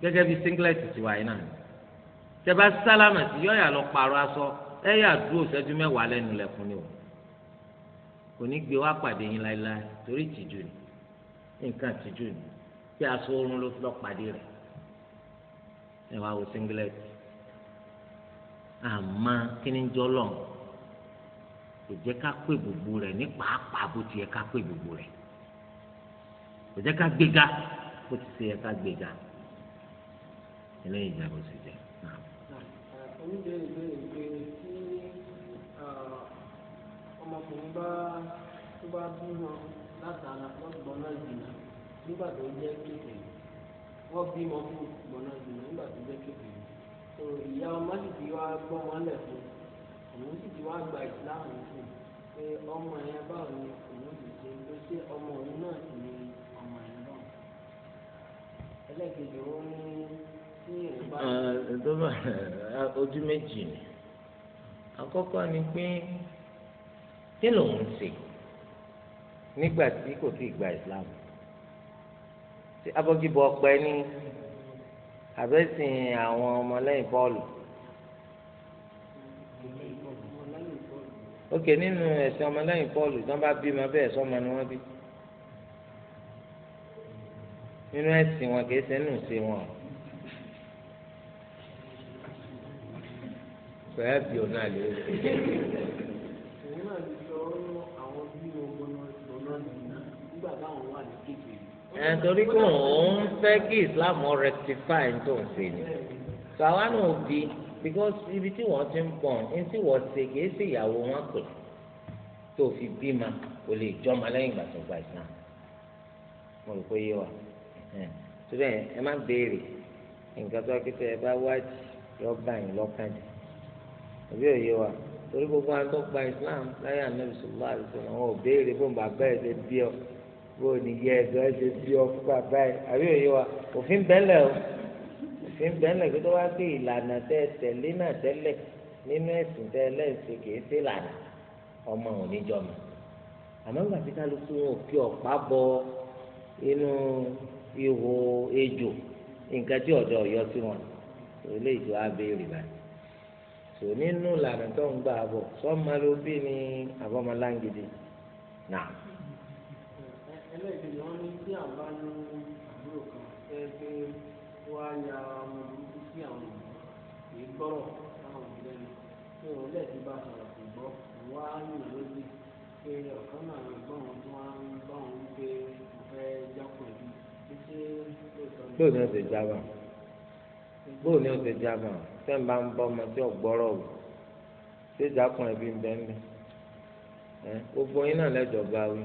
gẹ́gẹ́ bí singlet ti wáyé náà tẹ́bá sálámà sí yọ yà lọ pààrọ̀ aṣọ ẹ yà dúró ṣẹ́jú mẹ́wàá lẹ́nu lẹ́kùn ni o kò ní gbé wá pàdé yín láéláé torí tìjú ni nǹkan tìjú ni tí aṣọ oorun ló lọ pàdé rẹ̀ ẹ wá wo singlet àmọ́ kíní jọ́ lọ́n kò jẹ́ ká pè gbogbo rẹ̀ ní pàápàá bó ti yẹ ká pè gbogbo rẹ̀ kò jẹ́ ká gbéga bó ti ṣe yẹ ká gbéga eléyìí jẹ́ bó ti jẹ́. oníbẹ̀rẹ̀ ìbéèrè pé tí ọmọkùnrin bá tó bá bímọ látara wọn gbọ́nà ìdìnnà nígbà tó jẹ́ kékeré wọ́n bímọ fún gbọ́nà ìdìnnà nígbà tó jẹ́ kékeré tó ìyá ọmọ sì ti wá gbọ́ wọn lẹ̀ fún òun sì ti wá gba ìsìláàmù fún pé ọmọ yẹn báwo ni òun sì ṣe ló ṣe ọmọ òun náà sì ni ọmọ yẹn náà ẹlẹ́gbẹ̀dẹ̀ ó ní. Eh, eh, ojú méjì ni àkọ́kọ́ ni pé kí lòun ń ṣe nígbà tí kò tí ì gba ìsìlámù tí abọ́gibọ̀ ọ̀pẹ ní àbẹ́sìn àwọn ọmọlẹ́yìn bọ́ọ̀lù ókè nínú ẹ̀sìn ọmọlẹ́yìn bọ́ọ̀lù tí wọ́n bá bí ma bẹ́ẹ̀ sọ́mọ ni wọ́n bí nínú ẹ̀sìn wọn kì í ṣe nù sí wọn fẹ́ẹ́ bí òun náà lè rí. òun náà ti sọ àwọn bí ogun lọ́nà nìyí nígbà táwọn wà ní kékeré. ẹ̀ torí pé òun fẹ́ kí Islam rectify tó ń ṣe ni sàwa náà bí because ibi tí wọ́n ti ń bọ̀ ní tí wọ́n ṣe kìí ṣe ìyàwó wọn pè tó fi bímọ kò lè jọmọ lẹ́yìn ìgbà tó gba Islam mo rò pé yé wa tó bẹ́ẹ̀ ẹ má béèrè nǹkan tó akéde ẹ bá wájú yọ báyìí lọ́kàn jù àbí òye wa torí gbogbo àwọn tó gba islam láyé anabi sọlá àdìsọ àwọn òbéèrè bó ń bàbá ẹ ṣe bí ọ bó ní yẹ ẹgbẹ ẹ ṣe bí ọ fún bàbá ẹ àbí òye wa òfin bẹ́lẹ̀ o òfin bẹ́lẹ̀ kí tó wá pé ìlànà tẹ tẹ̀lé náà tẹ́lẹ̀ nínú ẹ̀sìn tẹ lẹ́sìn kìí sí ìlànà ọmọ òní jọmọ àmọ́ nígbà tí kálukú wọn ò kí ọ̀pá bọ inú ihò ejò nǹkan tí ọ̀dọ́ ọ̀yọ́ sí wọn eléyìí tó á béèrè báyìí tò nínú ìlànà tó ń gbà bọ̀ sọ́mọ ló bí ní àbọ̀mọ láǹgìdì náà. ẹlẹ́gbẹ̀rún wọn ní bí àwọn bá ní àbúrò kan fẹ́ pé wọ́n á ya ọmọ burúkú sí àwọn òbí kì í gbọ́rọ̀ sáwọn òbí lẹ́nu pé òun lẹ́ẹ̀dí bá sọ̀rọ̀ kò gbọ́ òun á yìn lójú pé ọ̀kan náà ló gbọ́ òun tó wá ń bá òun pé mo fẹ́ jápọ̀ ẹ̀bí bóò ní ọ̀sẹ̀ jama sẹ́ńbà ń bọ́ ọmọ tí ọ̀gbọ́rọ̀ wò ṣéjà kan ẹbí ń bẹ́ẹ̀ ẹ́ gbogbo yín náà lẹ́jọ́ bá wí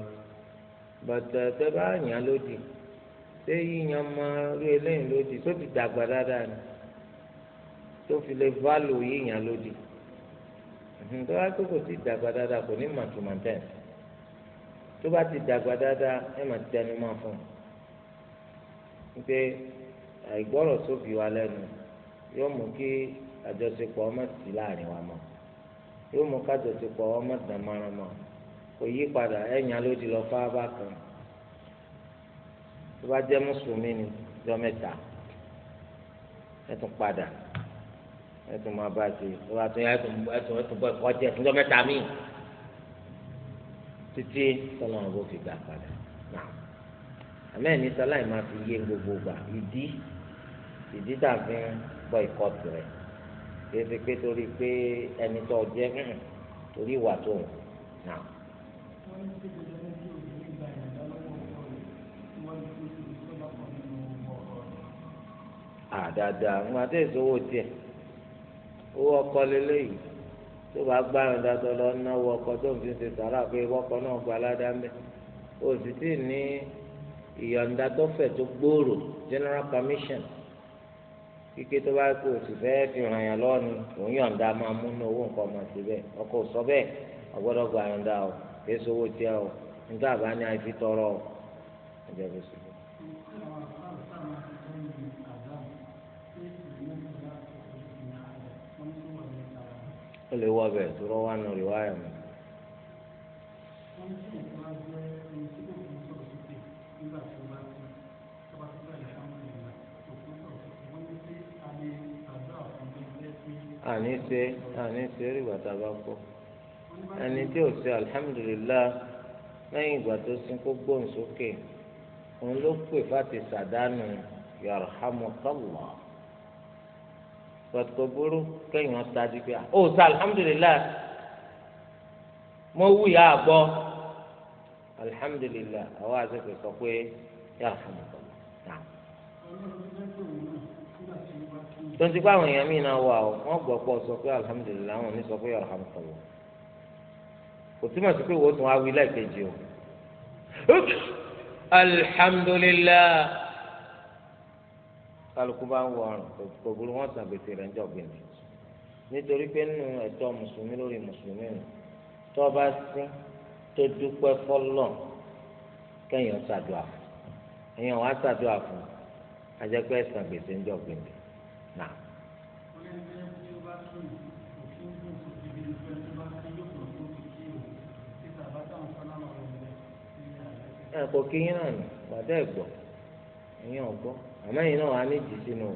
bàtà tẹ́ bá yàn lódì ṣé yíyan ọmọ rí eléyìí lódì tó ti dàgbà dáadáa ni tó fi lè válò yíyan lódì tó bá tó kò ti dàgbà dáadáa kò ní màtúmọ̀tẹ́ tó bá ti dàgbà dáadáa ẹ̀ mà tẹnu máa fún un pé àìgbọ́rọ̀ sóbì wa lẹ́nu yóò mú kí àjọṣepọ̀ ọmọ sí láàrin wa mọ́ yóò mú kájọṣepọ̀ ọmọ dàn mọ́ran mọ́ kò yí padà ẹ̀yìn alódì lọ fáábà kan tó bá jẹ́ mùsùlùmí ni jọ mẹ́ta ẹ tún padà ẹ tún máa bá ṣe tó bá tún yá ẹ tún ẹ tún bọ́ ẹ̀kọ́ jẹ́ fún jọ mẹ́ta míì títí tọ́lọ́run bó fi gbà padà náà àmẹ́ẹ̀ ní sáláì máa fi yé gbogbo gbà ìdí ìdí dàbí bọ́ ìkọ́tù rẹ̀ kéde pé torí pé ẹni tó jẹ́ torí ìwà tó ń nà. àdàdà ń wá tẹ̀sí owó tiẹ̀ owó ọkọ lélẹ́yìí tó bá gbárùn dáadọ́ lọ náwó ọkọ tó ń fi ṣe sàrà pé ọkọ náà gba aládá ń bẹ̀ òsì tí ní ìyọ̀ǹda tó fẹ̀ tó gbòòrò general permission kíké tó bá kó o sì fẹ́ fi ràn yàn lọ́ọ̀ni òun yọ̀ǹda máa mú ní owó nǹkan máa ṣe bẹ́ẹ̀ ọkọ̀ sọ bẹ́ẹ̀ ọgbọ́dọ̀ gba o kí èso owó o nígbà bá tọrọ o ẹ̀jẹ̀ bó ṣe. ó lè wọ bẹ̀ tó àní ṣe àní ṣe rí bàtà bá kú ẹni tí ò ṣe alihamudulilayi lẹ́yìn ìgbà tó sin kó gbóhùn sókè òun ló pè fáti sàdánù yarhamukallah pàtó burú kẹ́yìn wọn sáájú pé ó sá alihamudulilayi mo wú ìyá àgbọ alihamudulilayi àwọn àti pè sọ pé yarhamukallah náà tó ń àwọn èèyàn míì náà wà ó wọ́n gbọ́ pọ̀ sọ pé alhamdulilayi àwọn oní sọ pé alhamdulilayi kò túmọ̀ sí pé wọ́n tún wá lẹ́ẹ̀kejì o alhamdulilayi kálukú bá ń wọ ọrùn kò wọn sàn gbèsè rẹ̀ ń jọ gbìnì nítorí pé nínú ẹ̀tọ́ mùsùlùmí lórí mùsùlùmí nù tó bá sín tó dúpẹ́ fọlọ́ kẹ́yìn ọ̀sàdùà ẹ̀yìn ọ̀hún àsàdùà fún ajẹ́pẹ́ sàn gbèsè ń jọ gbìnì. nà. ẹ̀kọ́ kínyìn náà nù gbàdá ẹ̀gbọ́ ẹ̀yìn ọ̀gbọ́ àmọ́ ẹ̀yìn náà wà á méjì sínú o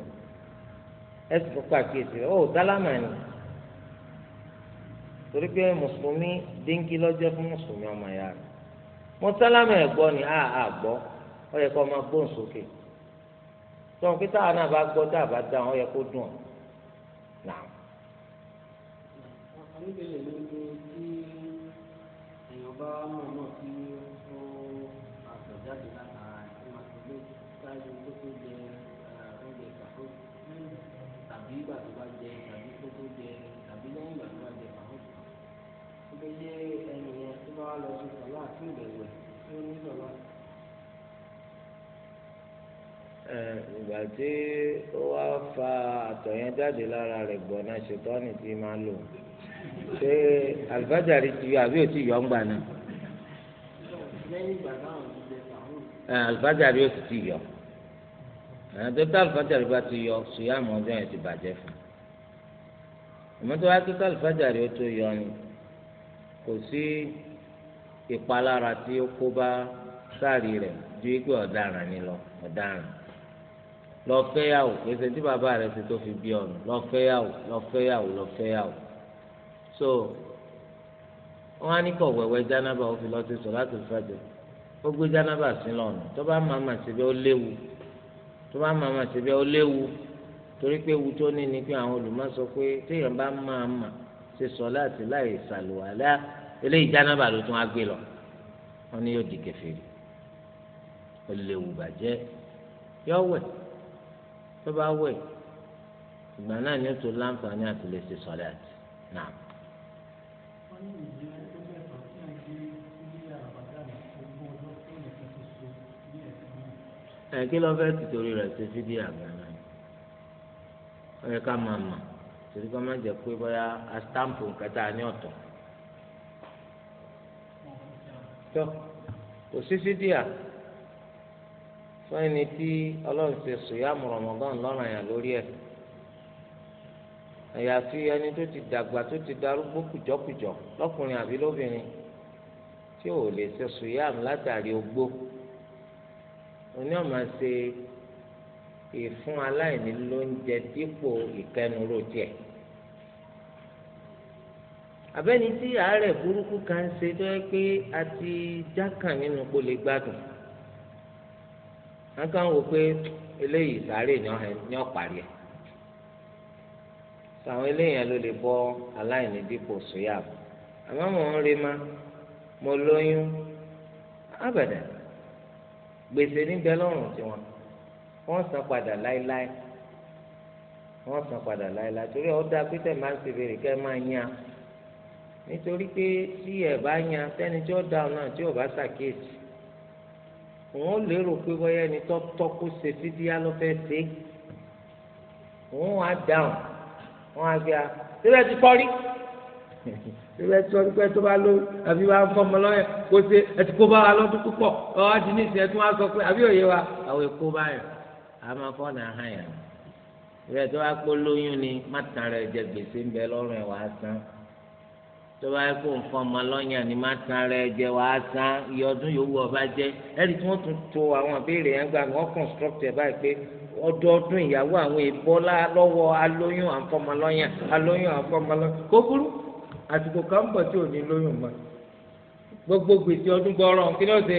ẹ̀sìn tó pàkíyèsí rẹ̀ ó sálámà ni torí pé mùsùlùmí dínkì ọ fún mùsùlùmí ọmọ ya rẹ̀ mọ́ sálámà ẹ̀gbọ́ ni a àgbọ́ ọ yẹ kó ọmọ gbóhùn sọ̀rọ̀ pé táwa náà bá gbọ́ tá a bá dá wọn yẹ kó dùn ọ́ náà. Eh, ìgbà tó bá jẹ tàbí tó tó jẹ tàbí lẹ́yìn ìgbà tó bá jẹ ìpàkó. ó bẹ yé ẹnìyẹn tó bá lọ sí sọ̀lá àti ìbẹ̀wẹ̀ tó ní sọ̀lá. ìgbà tí ó wá fa àtọ̀ yẹn jáde lára rẹ̀ gbọ̀nà ṣètọ́ni tí máa lò ṣé àlùfájàrí ti yọ àbí òtí yọ ń gbà náà àlùfájàrí ó sì ti yọ àtẹ̀tẹ̀ àlùfájàrí bá ti yọ sùyàmù ọjọ́ yẹn ti bàjẹ́ fún un ìmọ̀tò àtẹ̀tẹ̀ àlùfájàrí ó tó yọ ni kò sí ìpalára tí ó kó bá sáàrí rẹ̀ ju ikú ọ̀daràn ni lọ ọ̀daràn lọ fẹ́yàwó pèsè tí bàbá rẹ̀ ti tó fi bí ọ̀nà lọ fẹ́yàwó lọ so wọn á ní kọ wẹ̀wẹ̀ jánábà ó fi lọ sí sọ láti fàjọ ó gbé jánábà sí lọ́nà tó bá máa mà síbẹ̀ ó léwu tó bá máa mà síbẹ̀ ó léwu torí pé ewu tó ní ni pé àwọn olùmọ̀ sọ pé téèyàn bá máa mà ṣe sọ láti láì ṣàlùwàlá eléyìí jánábà ló tún á gbé lọ wọn ni yóò di kèfèrí ó léwu bàjẹ́ yọ wẹ̀ tó bá wẹ̀ ìgbà náà ni ó tó láǹfààní àti lè ṣe sọ̀lẹ́ àti náà. ẹ kí ló fẹ́ tìtorí rẹ̀ ṣe fídíò àgbàna ó yẹ ká máa mà torí ká má jẹ́ pé bóyá astampo kẹta ní ọ̀tọ̀ tó kò sí fídíò fún ẹni tí ọlọ́run ṣe sùyàmù Ramadan lọ́ràn yàn lórí ẹ̀ àyàfi ẹni tó ti dàgbà tó ti darúgbó kùjọkùjọ lọ́kùnrin àbí lóbìnrin tí ò lè ṣe sùyàmù látàrí ogbó oní ọ̀ma ṣe ìfún aláìní lóúnjẹ dípò ìkẹnuró tiẹ̀ abẹ́ni tí àárẹ̀ burúkú kan ṣe tó yẹ pé a ti jákàn nínú kó lè gbádùn. aka kàn pe pé eléyìí sáré ni wọn parí ẹ sàwọn eléyìí ló lè bọ́ aláìní dípò mò ń ma mo lóyún abẹ̀dẹ̀ gbèsè níbẹ̀ tiwọn wọ́n san padà láéláé san padà láéláé torí ọ̀ dá pété máa ń ṣèbèrè kẹ́ máa yan nítorí pé tí ẹ̀ bá yan sẹ́ni tí ọ náà tí ò òun lérò pé bóyá ẹni tó tọ́ kó ṣe fídíà ló fẹ́ ṣe òun wá dáhùn wọn á gbé a síbẹ̀ ti kọ́ rí síbẹ̀ tí wọ́n pẹ́ tó bá ló àbí wàá ń fọmọ lọ́yẹ̀ kó ṣe ẹtì kó bá wa lọ́dún púpọ̀ ọ̀ á ti ní ìsìn ẹtì wọn á sọ pé àbí òye wa àwọn èkó báyọ̀ a máa fọ́ náà hàn yàn síbẹ̀ tó bá pọ́ lóyún ni má tàn rẹ̀ jẹ gbèsè ń lọ́rùn ẹ̀ wàá san tọ́ba yẹ kó nǹkan ọmọ lọ́yàn ni má san rẹ jẹ wàá san iye ọdún yòówù ọba jẹ ẹni tí wọ́n tún to àwọn àbẹ̀rẹ̀ yẹn gbà wọ́n construct ẹ̀ báyìí pé ọdọọdún ìyàwó àwọn èèbọ́ lọ́wọ́ alóyún àfọmọlọ́yàn alóyún àfọmọlọ́yàn kókúrú àsìkò kan bọ̀ tí ò ní lóyún mọ́ gbogbo gbèsè ọdún gbọ́rọ̀ kí ló ṣe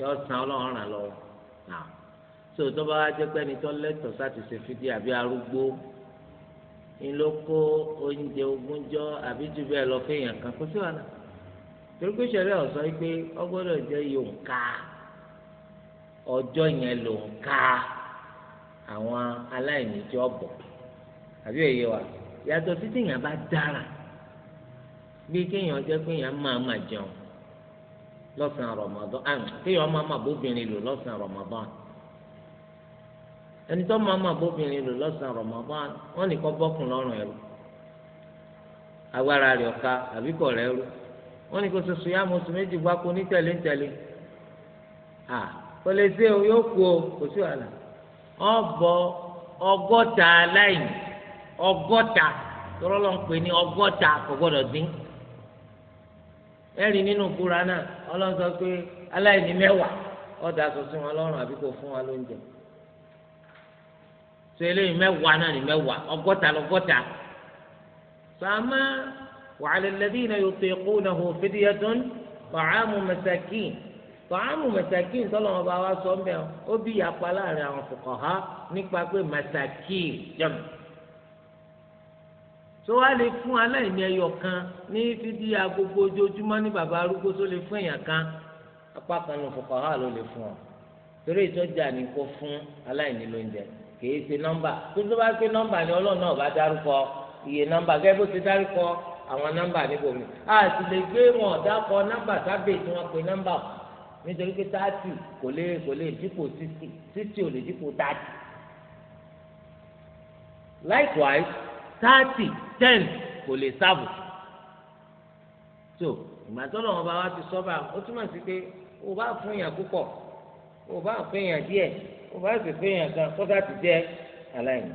yọ san ọlọ́run ràn lọ́wọ́ so tọ́ba wa jẹ́ pé ẹni tó lẹ́tọ̀ọ́ sáti ṣe fídíò àbí arúgbó ńlọ kó oúnjẹ ogúnjọ́ àbí jù bẹ́ẹ̀ lọ fẹ́yàn kan kó sí wàhálà torí pé sẹ́rẹ́ ọ̀sọ́ yìí pé ọgbọ́dọ̀ jẹ́ yòǹkà ọjọ́ yẹn lòǹkà àwọn aláìní àbí wa yàtọ̀ sí tíyàn bá dára bí kéèyàn jẹ́ pé èèyàn máa ma jẹun lọ́sàn-án rọ̀mọ́dán kéèyàn máa bóbìnrin lò ẹni tó máa máa bóbìnrin lò lọ́sàn-án Ramadan wọ́n nìkan bọ́kùn lọ́rùn ẹ̀rú agbára rẹ̀ ọ̀ka àbí kọ̀ ẹ̀rú wọ́n ní soso yá mo méjì gbáko ní à o yóò kú o kò sí wàhálà ọbọ ọgọ́ta aláìní ọgọ́ta ń pè ní ọgọ́ta so eléyìí mẹ́wàá náà ní mẹ́wàá ọgọ́ta lọ́gọ́ta sàmà wàhálà lẹ́dín náà yóò fi kú náà hó fídíyàtún tọ́hámù mẹsàkín tọ́hámù mẹsàkín tọ́lọ́mọ bá wa sọ mbẹ́ ó bí yàpá láàrin àwọn fòkànhá nípa pé mẹsàkín jẹ̀mù tó wá lè fún aláìní ẹyọ kan ní fídíà gbogbo ojoojúmọ́ ní bàbá arúgbó tó lè fún èèyàn kan apá kan ló fòkànhá ló lè fún ọ torí ìtọ́jà ni kò fún aláìní lóúnjẹ kìí ṣe nọ́mbà tó bá ṣe nọ́mbà ni ọlọ́run náà bá dárúkọ iye nọ́mbà gẹ́gẹ́ bó ṣe dárúkọ àwọn nọ́mbà níbo mi a sì lè gbé wọn ọ̀dàkọ nọ́mbà sábẹ́ tí wọ́n pe nọ́mbà nítorí pé táàtì kò lè kò lè dípò sítì sítì ò lè dípò táàtì likewise táàtì ten kò lè sáàbù so ìgbà tó lọ́wọ́ bá wa ti sọ́ba ó túmọ̀ sí pé o bá fún yàn púpọ̀ O bá péyàn díẹ̀ kò bá sì péyàn gan sọ́dá ti jẹ́ aláìní.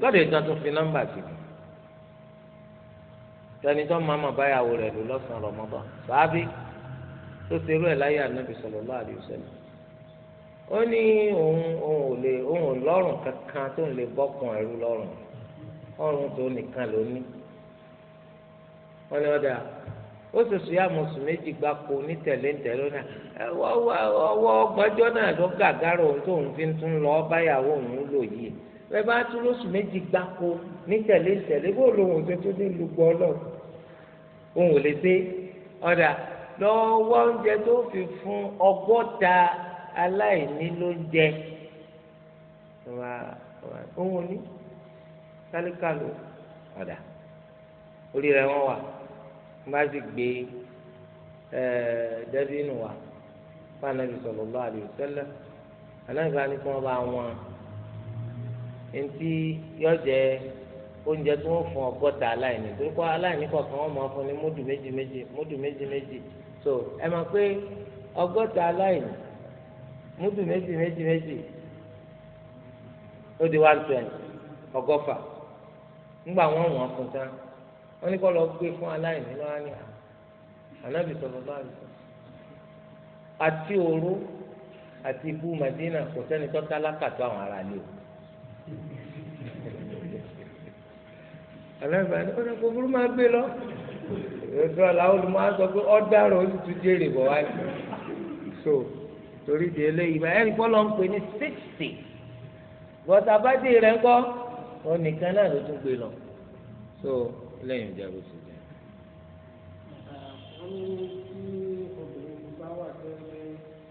lọ́dọ̀ ìtàn tó fi nọ́mbà sí i tẹnitọ́ màmá báyàwó rẹ̀ ló lọ́sàn-án rọ̀mọ́bà sáábì tó serú ẹ̀ láyé ànábì sallallahu alaihi wasallam ó ní òun òun ò lè òun ò lọ́rùn kankan tó ń lè bọ́kàn ẹ̀rú lọ́rùn ọrùn tó nìkan ló ní wọ́n ní ọ̀dà ó sì sùn yá mọ̀sùn méjì gbáko ní tẹ̀lé ńtẹ̀lé náà ọwọ́ ọgbọ́njọ́ náà ló gàgàrà ohun tó ń fi tún lọ báyàwó òun lò yìí bẹ́ẹ̀ bá tún lóṣù méjì gbáko ní tẹ̀lé ńtẹ̀lé bó lóhùn tó tó ní lùgbọ́ lọ òun ò lè dé ọ̀dà lọ́wọ́ oúnjẹ tó fi fún ọgọ́ta aláìní ló ń jẹ òun ò ní kálíkálù ọ̀dà orí rẹ̀ wọ́n wà bá sì gbé dẹ́bínú eh, wa fún anabi sallallahu alaihi wasallam anabi bá ní kí wọ́n bá wọn ntí yọjẹ oúnjẹ tí wọ́n fún ọgọ́ta aláìní torí kọ́ aláìní kọ̀ọ̀kan wọ́n máa fún ní múdù méjì méjì múdù méjì méjì so ẹ máa pé ọgọ́ta aláìní múdù méjì méjì méjì ó di one twenty ọgọ́fà ńgbà wọ́n wọ́n fún tán wọ́n ní kó lọ gbé fún aláìní lọ́wọ́ ní ànábì sọ̀rọ̀ bá rí sọ. àti òru àti ibú Madina kò sẹ́ni tó tálákà tó àwọn ará lé o. aláìní bá ní ọ̀nà kò burú máa gbé lọ. ètò àlàó ló máa sọ pé ọ̀dàrọ̀ ó sì tún jèrè bọ̀ wáyé. so torí di eléyìí bá ẹnì kọ́ lọ ń pè ní sixty bọ́tà bá dé rẹ̀ ńkọ́ òun náà ló tún gbé lọ. so lẹ́yìn ìjà bó ṣe jẹ́. wọ́n ní kí obìnrin bá wà tó ń lé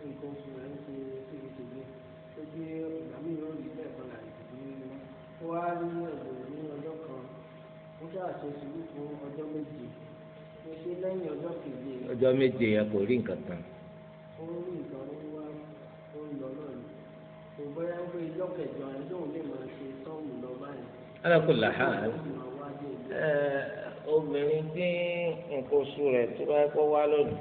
nǹkan oṣù rẹ̀ ń ṣe ségesège ó gbé ọ̀nà mi yóò rí bẹ́ẹ̀ kan láì dìbò nínú ó wá ní ẹ̀bùrù ní ọjọ́ kan ó ṣáà ṣe sùúrù fún ọjọ́ méje ó ṣe lẹ́yìn ọjọ́ keje. ọjọ́ méje yẹn kò rí nǹkan kan. ó rí Eh, obìnrin tí nǹkan oṣù rẹ̀ tó bá kọ́ wá lónìí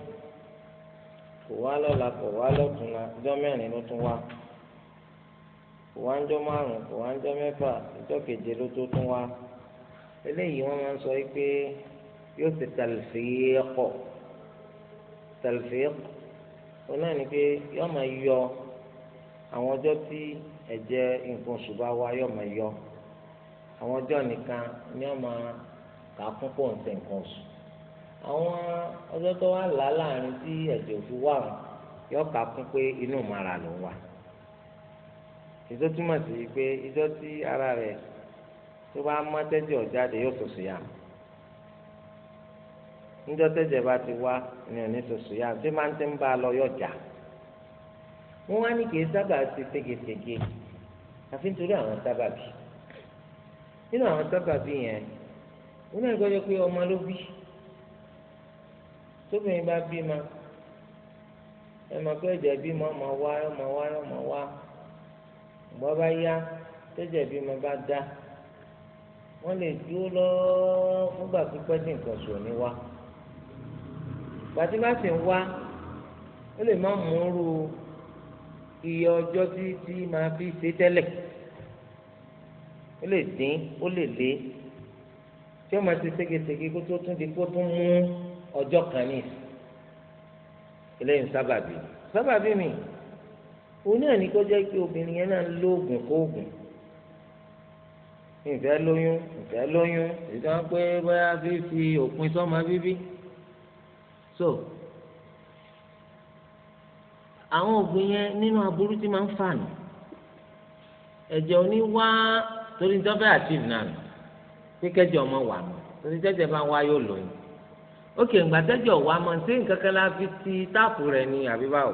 kò wá lọ́la kò wá lọ́túnla ọjọ́ mẹ́rin ló tún wá kò wá ń jọ márùn kò wá ń jọ mẹ́fà ọjọ́ keje ló tó tún wá eléyìí wọ́n máa ń sọ pé yóò ti tàlùfẹ́ pọ̀ tàlùfẹ́ pọ̀ náà ni pé yóò máa yọ àwọn ọjọ́ tí ẹ̀jẹ̀ nǹkan oṣù bá wá yóò máa yọ àwọn ọjọ́ nìkan ni wọ́n máa kà á fún pọ̀ ń tẹ̀ nǹkan oṣù àwọn ọjọ́ tó wà là láàrin tí ẹ̀jẹ̀ òfin wà wọn yọ kà á fún pé inú ìmọ̀ra ló wà ètò túmọ̀ sí pé ijọ́ tí ara rẹ̀ tó bá mọ́ tẹ́jẹ̀ ọ̀jáde yóò sòsò yá níjọ́ tẹ́jẹ̀ bá ti wá ni ò ní sòsò yá tí máa ń tẹ́ ń bá a lọ yọ̀ jà wọ́n wá ní kì í sábà ti ségesège àfi nítorí àwọn sábàbí nínú àwọn sábàbí yẹn wọn náà gbọ́dọ̀ pé ọmọ ló bí tóbìnrin bá bí ma ẹ máa pé ẹ̀jẹ̀ bí ma ọmọ wá ọmọ wá ọmọ wá ìgbà bá yá tẹ́jẹ̀ bí ma bá dá wọ́n lè dúró lọ fúngbà pípẹ́ tí nǹkan sùn ní wá gbàtí bá sì ń wá ó lè má mú rú iye ọjọ́ tí tí máa fi ṣe tẹ́lẹ̀ ó lè dín ó lè lé tí ó máa ṣe ségesège kó tó tún di kó tún mú ọjọ́ kan ní ìsìn eléyìí sábàbí sábàbí mi òun náà ní kó jẹ́ pé obìnrin yẹn náà ń lo oògùn kóògùn ìfẹ́ lóyún ìfẹ́ lóyún ìfẹ́ pé bóyá fífi òpin sọ́mọ bíbí so àwọn oògùn yẹn nínú aburú tí máa ń fà nù ẹ̀jẹ̀ òní wá torí ní tọ́fẹ́ àtìv náà nù pé kẹ́jọ ọmọ wà mọ́ torí jẹ́jẹ́ bá wá yóò lóyún ókè ńgbà tẹ́jọ wà mọ́ ṣé nǹkan kan la fi ti táàpù rẹ̀ ni àbí báwo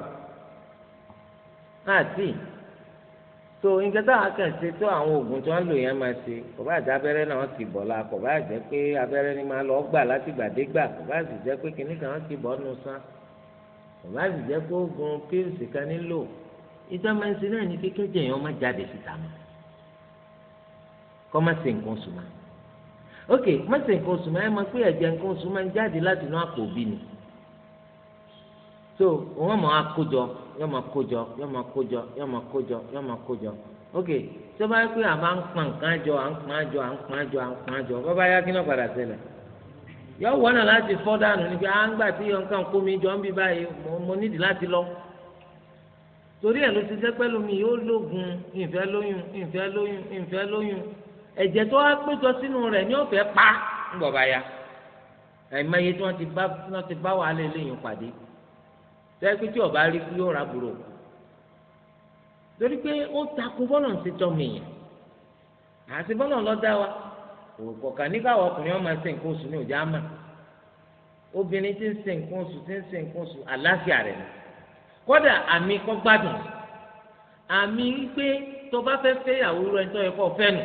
àti so nǹkan táwọn akẹ́ǹsẹ̀ tó àwọn oògùn tó ń lò yẹn máa ṣe kò bá jẹ́ abẹ́rẹ́ náà ti bọ̀ la kò bá jẹ́ pé abẹ́rẹ́ ni máa lọ gbà láti gbàdégbà kò bá sì jẹ́ pé kìnnìkà wọn ti bọ̀ nù sàn kò bá sì jẹ́ pé oògùn pílùsì kan nílò ìjọba ẹ̀sìn náà ní kékeré jẹ̀yàn má jáde síta mọ́ kọ́ má ṣe nǹkan oṣù mọ́ ok má ṣe nǹkan oṣù mọ́ ẹ mọ̀ pé ẹ̀jẹ̀ nǹkan oṣù máa ń jáde láti inú àpò òbí ni so wọ́n mọ̀ á kójọ yọ́ mọ̀ kójọ yọ́ mọ̀ kójọ yọ́ mọ̀ kójọ yọ́ mọ̀ kójọ ok tó bá yẹ pé à máa ń pa nǹkan jọ à ń pa jọ à ń pa jọ à ń pa jọ bọ́ bá yá kí náà padà ṣẹlẹ̀ yọ wọ́n náà láti fọ́ dànù ni pé à ń gbà tí nǹkan kó mi jọ ń bí báyìí mo nídìí láti lọ torí ẹ̀ ló ti jẹ́ pẹ́lú yóò lóògùn ìfẹ́ lóyún ìfẹ́ lóyún ìfẹ́ lóyún ẹ̀jẹ̀ tó wá péjọ sínú rẹ̀ ní ọ̀fẹ́ pa ńbọ̀ bá ya ẹ̀mẹ́yẹ tí wọ́n ti bá tí wọ́n ti bá wàhálà eléyìí pàdé tẹ́kí tí ọba rí kú yóò ra gbòòrò torí pé ó takun bọ́lọ̀ ń ṣe tọ́mọ èèyàn àti bọ́lọ̀ lọ́dá wa òkọ̀ọ̀kan nígbà ọkùnrin ọmọ ṣe nǹkan oṣù ní ọjà mà obìnrin tí ń ṣe nǹkan oṣù tí ń ṣe nǹkan oṣù àlàáfíà rẹ̀ ni àmì kan gbádùn àmì pé tó bá fẹ́ fẹ́ ìyàwó rẹ̀ tó yẹ kó fẹ́ nù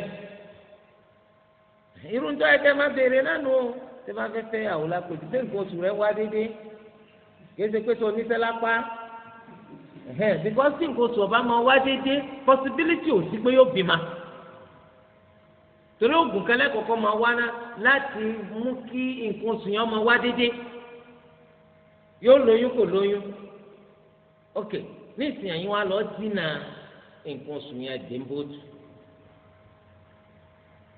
irú ń tọ́ ẹ kẹ́ máa béèrè lẹ́nu o ṣé máa fẹ́ fẹ́ àwọn lápèjì pé nǹkan oṣù rẹ wá déédéé kìí ṣe pé tó níṣẹ́ lápá because tí nǹkan oṣù ọba máa wá déédéé possibility ò sí pé yóò bímọ torí oògùn kan lẹ́kọ̀ọ́kọ́ máa wá ná láti mú kí nǹkan oṣù yẹn máa wá déédéé yóò lóyún kò lóyún ok ní ìsìn àyínwá lọ dínà nǹkan oṣù yẹn dé bó tù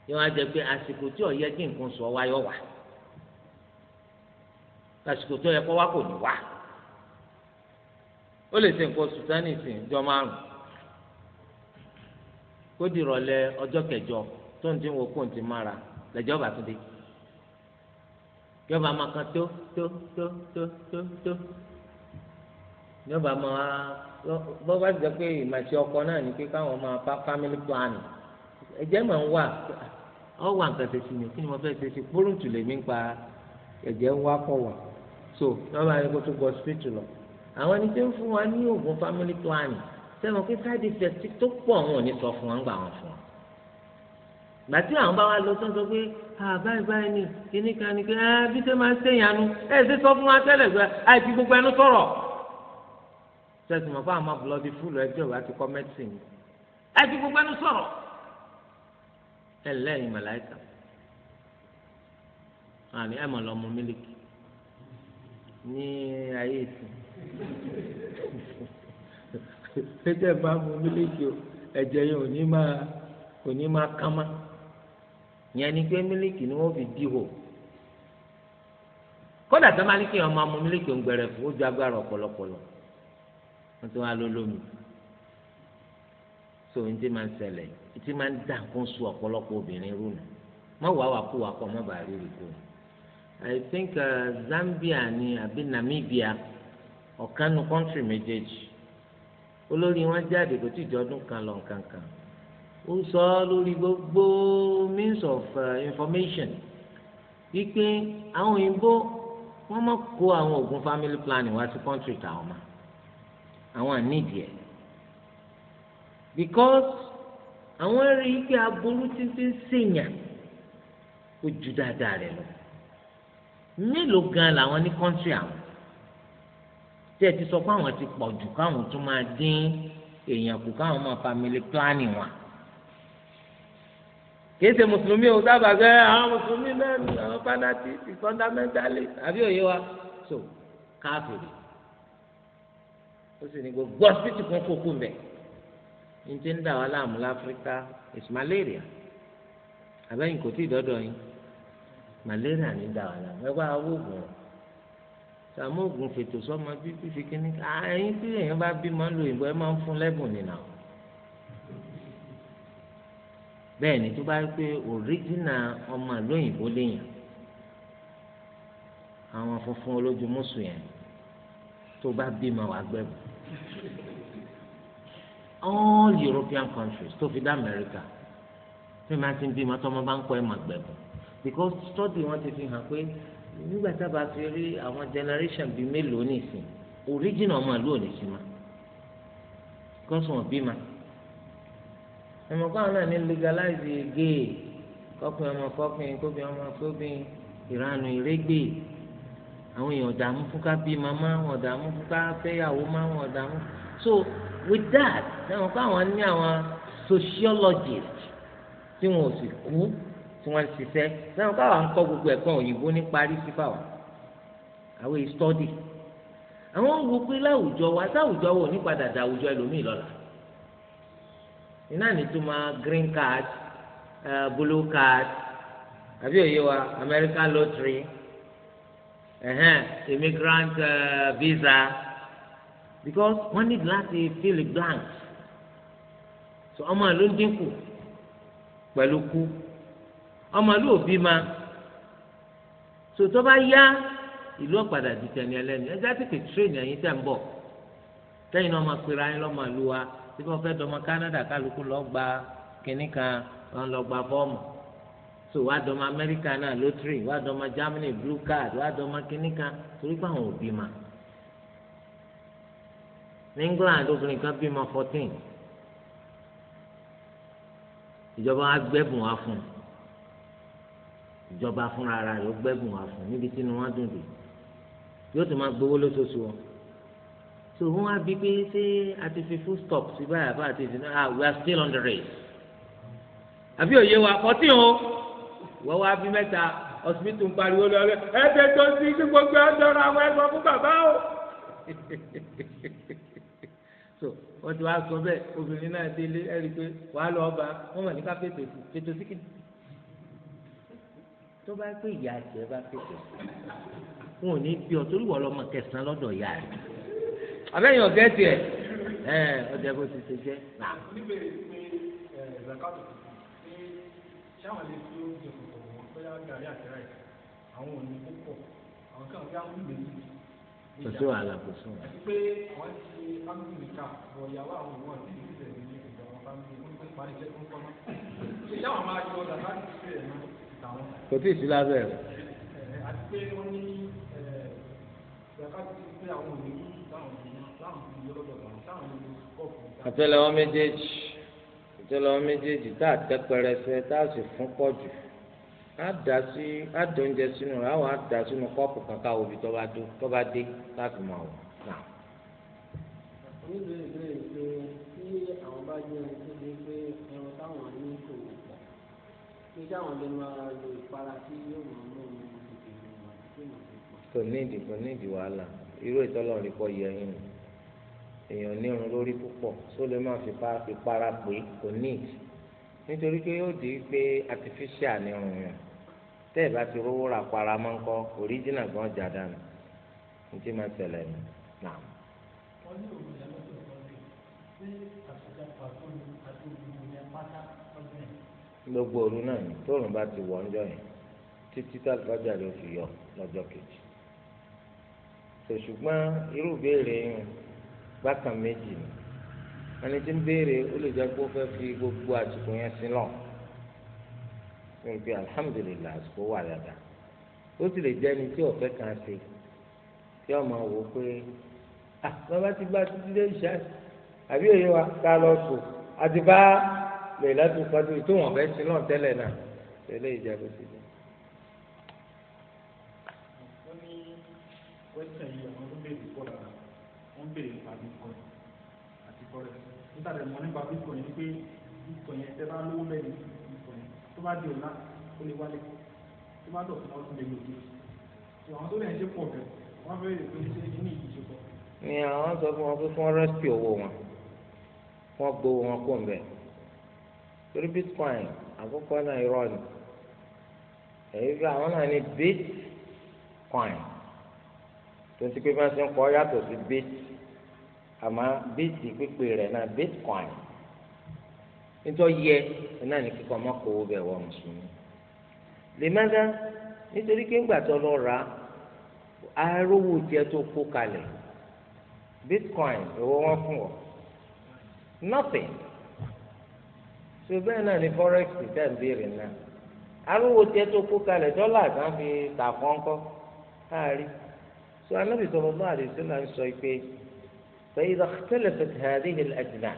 yóò wá jẹ pé àsìkò tí ọ̀yẹ́ kí nǹkan sọ wá yọ wá àsìkò tó yẹ kó wá kò ní wá ó lè ṣe nǹkan sùtánì sí ìjọ márùn kó dìrọ̀lẹ́ ọjọ́ kẹjọ tó ń ti wo kó ń ti mára lẹ́jọ́ bá tún dé yọba máa kan tó tó tó tó tó tó yọba máa bọ́ bá ti jẹ́ pé ìmọ̀ ẹ̀sìn ọkọ náà ni pé káwọn máa bá family plan. ẹ̀jẹ̀ máa ń wà ọ wà nǹkan ṣe sí mi kí ni mo fẹ́ ṣe sí kúrúǹtù lèmi ń pa ẹ̀jẹ̀ ń wá kọ̀ wà so lọ́wọ́ àwọn ẹni tó gbọ́ spiritu lọ àwọn ẹni tó ń fún wa ní oògùn family planning sẹ́wọ̀n pé side effect tó pọ̀ wọn ò ní sọ fún wọn gbà wọn fún wọn gbà tí àwọn bá wa lọ sọ́n sọ pé báyìí báyìí ni kíní kan ni ẹ bí ṣe máa ń ṣèyànnu ẹ ṣe sọ fún wa tẹ́lẹ̀ gbẹ àìfi gbogbo ẹnu sọ̀rọ̀ sẹ́sìn mọ̀ fún àwọn ẹ lẹ́yìn màláìkà àní ẹ mọ̀ lọ́mọ mílíkì ní ayé ìsìn pété bá mu mílíkì o ẹ̀jẹ̀ yẹn ò ní máa kò ní máa kán má yẹn ni pé mílíkì ni wọ́n fi dí hò kódà tó máa ní kí wọ́n máa mu mílíkì ń gbẹrẹ fún ojú agbára ọ̀pọ̀lọpọ̀lọ wọ́n ti wá lólómi so ohun tí máa ń ṣẹlẹ̀ tí máa ń dà kún su ọ̀pọ̀lọpọ̀ obìnrin rúnà má wàá wà kú wà kọ́ má bàa rírì kú. I think uh, Zambia ni àbí Namibia ọ̀kanu kọ́ńtì méjèèjì olórí wọn jáde kò tí ì jọ ọdún kan lọ nǹkan kan ó sọ lórí gbogbo means of uh, information wípé àwọn òyìnbó wọn máa kó àwọn oògùn family planning wá sí kọ́ńtì tàwọn ma àwọn ànídìí ẹ̀ because àwọn rí i pé aburú títí ń ṣèyàn ó ju dáadáa rẹ lọ mélòó gan làwọn ní kọ́ńtì àwọn tí ẹ ti sọ pé àwọn ti pọ̀ jù káwọn tún máa dín èèyàn kù káwọn máa family planning wọn kìí ṣe mùsùlùmí o sábà gẹ àwọn mùsùlùmí náà ni àwọn fanatiki fundamentalist àbí òye wa so káfíìrì ó sì ní gbogbo ọsibítù kan kó kú mbẹ ní ti ń dà wá láàmú láfíríkà is malaria àbẹ́yìn kò tí ì dọ́dọ̀ yín malaria ní dà wá láàmú ẹ bá wá oògùn rẹ̀ sàmú oògùn fètò sọ́mọ bíbí fi kíní ẹ̀yìn tí èèyàn bá bí máa ń lo òyìnbó ẹ máa ń fún lẹ́bùn nìyà o bẹ́ẹ̀ ni tó bá rí pé òríjìnà ọmọ lóyìnbó léyìn àwọn funfun olójú yẹn tó bá bímọ wàá gbẹ̀bùn all European countries tó fi dá America fún mi àti bímọ tọmọ bá ń kọ ẹ mà gbẹbọ because study wọn ti fi hàn pé nígbà tá a bá fi rí àwọn generation bíi mélòó nìsín original ọmọ ìlú òní sí ma because wọn bímọ ẹmọkọ àwọn náà ní legalize gay kọkùnrin ọmọ kọkùnrin kóbìnrin ọmọ kóbìnrin ìranù ìrégbè àwọn èèyàn ọ̀dààmú fún ká bí màmá wọn ọ̀dààmú fún ká fẹ́yàwó má wọn ọ̀dààmú so with that sẹ́wọ̀n pé àwọn ní àwọn sociologist tí wọn ò sì kú tí wọ́n ń ṣiṣẹ́ sẹ́wọ̀n pé àwọn ń kọ́ gbogbo ẹ̀kọ́ òyìnbó ní parí sífà wọn àwọn èyí study àwọn ń wo pé láwùjọ wa sáwùjọ wo ní padà dà àwùjọ ẹlòmíì lọ́la iná ní tó máa green card eh, blue card àbí òye wa American lottery uh -huh, immigrant uh, visa because wọ́n ní láti fill blank so ọmọ ló ń dínkù pẹ̀lú kú ọmọ ló ò bí ma so tó bá yá ìlú ọ̀padà di tẹ̀lé ẹlẹ́ni ẹjẹ́ tètè tírèèdì ẹ̀yìn tẹ̀ ń bọ̀ tẹ́yìn náà máa pera yín lọ́mọ ìlú wa tí wọ́n fẹ́ dọmọ Canada kálukú lọ́ọ́ gba kínní kan wọ́n lọ́ọ́ gba fọ́ọ̀mù so wàá dọmọ Amẹ́ríkà náà lótìrì wàá dọmọ Germany blue card wàá dọmọ kínní kan torí pé àwọn òbí máa ní England obìnrin kan bímọ fourteen ìjọba wa gbẹ́bùn wa fún un ìjọba fúnra ara rẹ̀ ó gbẹ́bùn wa fún un níbi tí inú wọn dùn dùn yóò tún máa gbowó lóṣooṣù wọn so wọn á bí pé ṣé a ti fi full stop sí báyà bá a ti fi ah we are still on the race àbí òye wa fourteen o wọ́n wá bí mẹ́ta ọsibítù ń pariwo lọ́wọ́ ẹ̀ ẹ́ tètè tó sí gbogbo ẹ̀ dọ́ra àwọn ẹ̀gbọ́n fún bàbá o. so wọ́n ti wá sọ bẹ́ẹ̀ obìnrin náà délé ẹ̀rí pé wàá lọ ọba wọ́n mọ̀ ní ká fètò sí fètò sí kìnnì tó bá pé ìyá àti ẹ bá fètò sí wọn ò ní bí ọ torí wọ́n lọ́mọ kẹsàn-án lọ́dọ̀ ìyá rẹ̀ abẹ́yìn ọ̀gá ẹ̀ tiẹ̀ ẹ̀ ọ̀dẹ̀ bó ti ṣe jẹ́ nà. àwọn ò ní púpọ̀ àwọn kan bí àwọn méjì kò sí wàhálà kò sí wàhálà. pé wọ́n ti fámìlì ká ọ̀yàwó àwọn òwò àti ìdílé ní ìgbà wọn fámìlì wọn ti parí iṣẹ́ tó ṣé táwọn máa yọ ọ̀dà láti ṣe ẹ̀ náà tàwọn. kò tí ì sí lábẹ́ rẹ̀. àti pé wọ́n ní ìyàkátì pé àwọn òyìnbó táwọn táwọn ti yọ lọ́dọ̀ táwọn táwọn ló kọ̀ fún. méjèèjì àtẹ́lẹwọ́ méjèèjì tá a tá a àdá sí àdó oúnjẹ sínú rẹ̀ àwọn àdá sínú kọ́ọ̀pù kankan òbí tó bá dé tó bá dé láti mọ̀ ọ́ náà. oníbèrè bẹ́ẹ̀ pé tí àwọn bá jẹ́ ẹni tó dé pé ẹran táwọn ní kò pọ̀ pé táwọn lè máa lo ìpara tí yóò máa mú un tètè lò wọ́n tí wọ́n ti pọ̀. kò ní ìdí kò ní ìdí wàhálà irú ìtọ́lọ̀ rí pọ̀ yẹ yín èèyàn nírun lórí púpọ̀ só lè má fi ìpara pé kò ní ìdí nítorí pé yóò di pé artificial nírun yẹn tẹ́ ẹ̀ bá ti rówó rà para mọ́ ńkọ́ òríjìnà gan jà dànù ní tí máa ṣẹlẹ̀ nù nàá. gbogbo òru náà ni tóòrùn bá ti wọ̀ ọ́njọ́ yẹn títí tàlùfájà ló fi yọ lọ́jọ́ kejì ṣùgbọ́n irú ìbéèrè yẹn bákan méjì ni ẹni tí ń béèrè ó lè jẹ́ pé ó fẹ́ fi gbogbo àsìkò yẹn sí lọ́wọ́ fún ibi alihamudulilayi àsìkò wà dáadáa ó sì lè jẹ́ ẹni tí ọ̀fẹ́ kan ṣe tí ọmọ wò pé à ah, bàbá ti bá títí dé ìṣá àbí èyí wa ká lọ sùn àti bá lè láti pàdé tó wọn fẹ́ sí náà tẹ́lẹ̀ náà tẹ́lẹ̀ ìjà ló ti dé. nígbà tí mo nípa bitcoin ni pé bitcoin yẹn tẹ́ bá lówó lẹ́yìn tó bá di ọ̀la ó lè wálé tó bá dọ̀ fún ọ tún lè lòdì tó àwọn tó lè ṣe pọ̀ bẹ̀ wọ́n fẹ́ lè pé ṣe kíní ìṣe pọ̀. ni àwọn sọ fún wọn pé kí wọ́n rẹ́sìpì owó wọn wọ́n gbowó wọn kó mbẹ́ torí bitcoin àkọ́kọ́ náà irọ́ ni èyí fi àwọn náà ní bitcoin tó ti pé bá ṣe ń kọ́ yàtọ̀ sí bit àmọ́ bit pípé rẹ̀ náà bitcoin nítorí yẹ náà ní kíkọ́ ọmọ kò bẹ̀ wọ mùsùlùmí lè má dá nítorí pé ńgbà tó lọ rà á arówó tiẹ̀ tó kó kalẹ̀ bitcoin owó wọn fún ọ nothing so bẹ́ẹ̀ náà ní forex tẹ̀ ń béèrè náà arówó tiẹ̀ tó kó kalẹ̀ dọ́là kan fi tà fọ́nkọ́ káàrí so anábìsọ̀rọ̀ bá àdìsí náà sọ pé fẹ́ ìdàkítẹ́lẹ̀ fẹ́ tẹ̀ ẹ́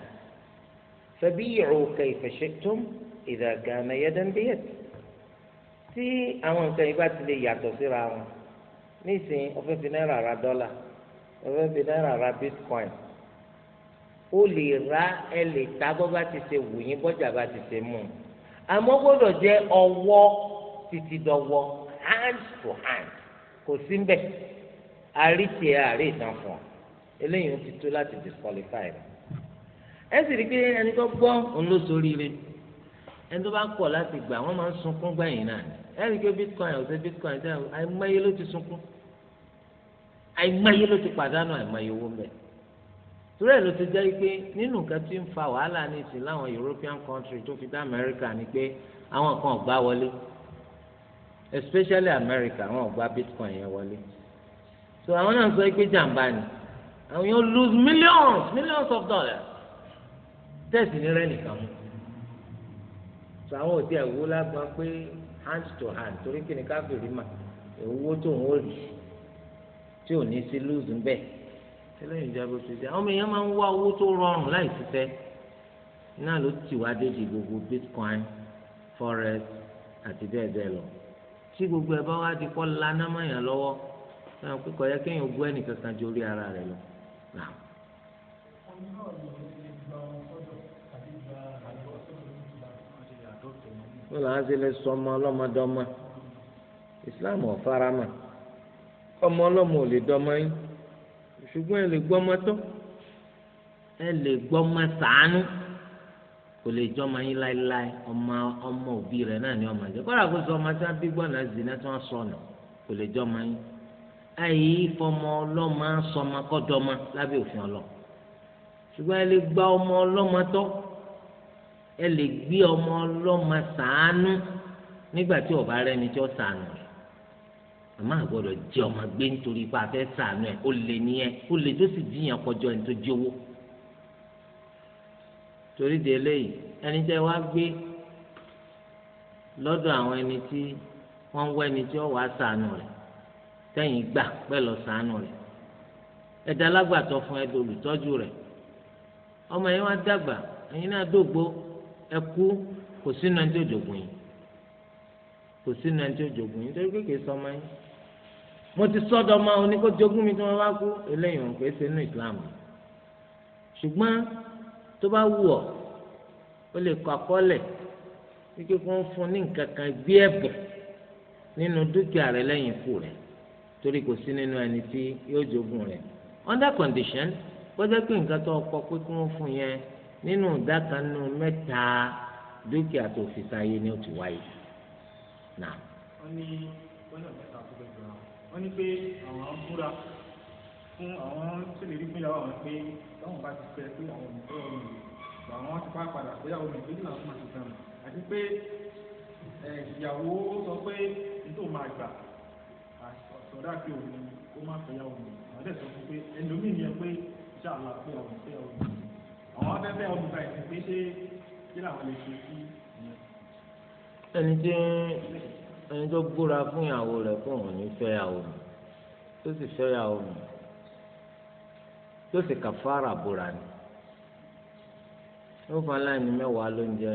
فبيعوا كيف شئتم إذا كان يدا بيد tí àwọn nǹkan yìí bá ti lè yàtọ̀ síra wọn nísìnyí o fẹ́ fi náírà ra dọ́là o fẹ́ fi náírà ra bitcoin o lè ra ẹ lè ta bó bá ti ṣe wù yín bọ́jà bá ti ṣe mú un àmọ́ gbọ́dọ̀ jẹ́ ọwọ́ títí dọ́wọ́ hand to hand kò sí ń bẹ̀ àríkè àárẹ̀ ìtàn fún ọ eléyìí ó ti tó láti disqualify rẹ̀ ẹ sì rí i pé ẹni tó gbọ́ òun ló sórí rẹ̀ ẹni tó bá kọ̀ láti gbà wọ́n máa ń sunkún gbẹ̀yìn náà ẹ rí bitcoin ọ̀sẹ̀ bitcoin tẹ́ àìmọye ló ti sunkún àìmọye ló ti pàdánù àìmọye owó mẹ́ẹ̀ torí ẹ̀ ló ti jẹ́ pé nínú nǹkan tí ń fa wàhálà ní ìsìn láwọn European country tó fi dá America ni pé àwọn kan ò gbà wọlé especially America àwọn ò gbà bitcoin yẹn wọlé so àwọn náà sọ pé jàǹbá ni àwọn yóò lose millions millions of dollars tẹ́sí ní rẹ̀ nìkan mú sọ àwọn òtí ẹ̀wò lágbọn pé hand to hand torí kí ni káfíìrì mà owó tó ń wọlé tí ò ní sí lùzù ń bẹ ẹlẹ́yìn ìjà bó àwọn èèyàn máa ń wá owó tó rọrùn láì ṣiṣẹ́ náà ló ti wá gbogbo bitcoin forex àti bẹ́ẹ̀ bẹ́ẹ̀ lọ tí gbogbo ẹ̀ bá wá di kọ́ laná lọ́wọ́ kíkọ́ yẹ kéèyàn ara rẹ̀ lọ. wọn làwọn ṣe lè sọ ọmọ ọlọ́mọdọ́mọ islam ọ̀farama ọmọ ọlọ́mọ ò lè dọ́mọ yín ṣùgbọ́n ẹ lè gbọ́mọ tọ́ ẹ lè gbọ́mọ sàánú kò lè jọmọ yín láéláé ọmọ ọmọ òbí rẹ náà ni ọmọ jẹ kọ́ra kó sọ ọmọ tí wọ́n bí gbọ́nà zina tí wọ́n sọnù kò lè jọmọ yín ayé fọmọ ọlọ́mọ sọmọ kọ́dọ́mọ lábẹ́ òfin ọlọ́ ṣùgbọ́n ẹ lè gba ọmọ ọlọ́mọ tọ́ ẹ lè gbé ọmọ ọlọ́mọ sàánú nígbà tí ọba rẹ ni tí ó sàánú rẹ àmọ́ àgbọ́dọ̀ jẹ́ ọmọ gbé nítorí pé a fẹ́ sàánú ẹ̀ ó lè nìyẹn ó lè tó sì díyàn kọjọ ẹni tó jẹ́ owó torí de eléyìí ẹni tẹ́ wá gbé lọ́dọ̀ àwọn ẹni tí wọ́n ń wá ẹni tí wọ́n wá sàánú rẹ̀ tẹ́yìn gbà pẹ́ lọ sàánú rẹ̀ ẹ̀dá alágbàtọ́ fún ẹ dolùtọ́jú rẹ̀ ọmọ yẹn wá dàgbà ẹ̀yin náà dógbó ẹkú kò sínú ẹni tí ó jogún yìí kò sínú ẹni tí ó jogún yìí nítorí kékeré sọmọ yìí mo ti sọdọ ma ọ ní kó jogún mi tí wọn bá kú eléyìí wọn kò é sínú Islam ṣùgbọ́n tó bá wù ọ́ ó lè kọ àkọọ́lẹ̀ wípé kó ń fún ní nǹkan kan bí ẹ̀bùn nínú dúkìá rẹ lẹ́yìn ikú rẹ torí kò sí nínú ẹni tí yóò jogún rẹ under condition wọ́n jẹ́ pé nǹkan tó kọ pé kí wọ́n fún yẹn nínú ìdákanu mẹ́ta dúkìá tó fi sáyé ni ó ti wáyé náà. wọ́n ní wọ́n náà mẹ́ta tó bẹ̀rẹ̀ wọn wọ́n ní pé àwọn á búra fún àwọn tó lè rí fún ìyàwó àwọn pé táwọn bá ti fẹ́ pé àwọn ò ní fẹ́ ọ̀run yìí àwọn ti bá padà pé àwọn ò ní fẹ́ ìlànà fún àti fẹ́ràn àti pé ìyàwó ó sọ pé nítorí máa gbà sọdá pé òun kó má fẹ́ yàwó mi àwọn ẹ̀dẹ̀ sọ fún pé ẹlòmíì ni ẹ pé ṣáà làá pé àwọn ìfẹ́ yàwó mi àwọn afẹ́fẹ́ ọdún ká ìsìn pé ṣé kí làwọn lè ṣe sí ìyẹn. ẹni tí ẹni tó gbúra fún ìyàwó rẹ̀ fún òun ní fẹ́yàwó mi tó sì fẹ́yàwó mi tó sì kàfàrà búra ni ó fún aláìní mẹ́wàá lóúnjẹ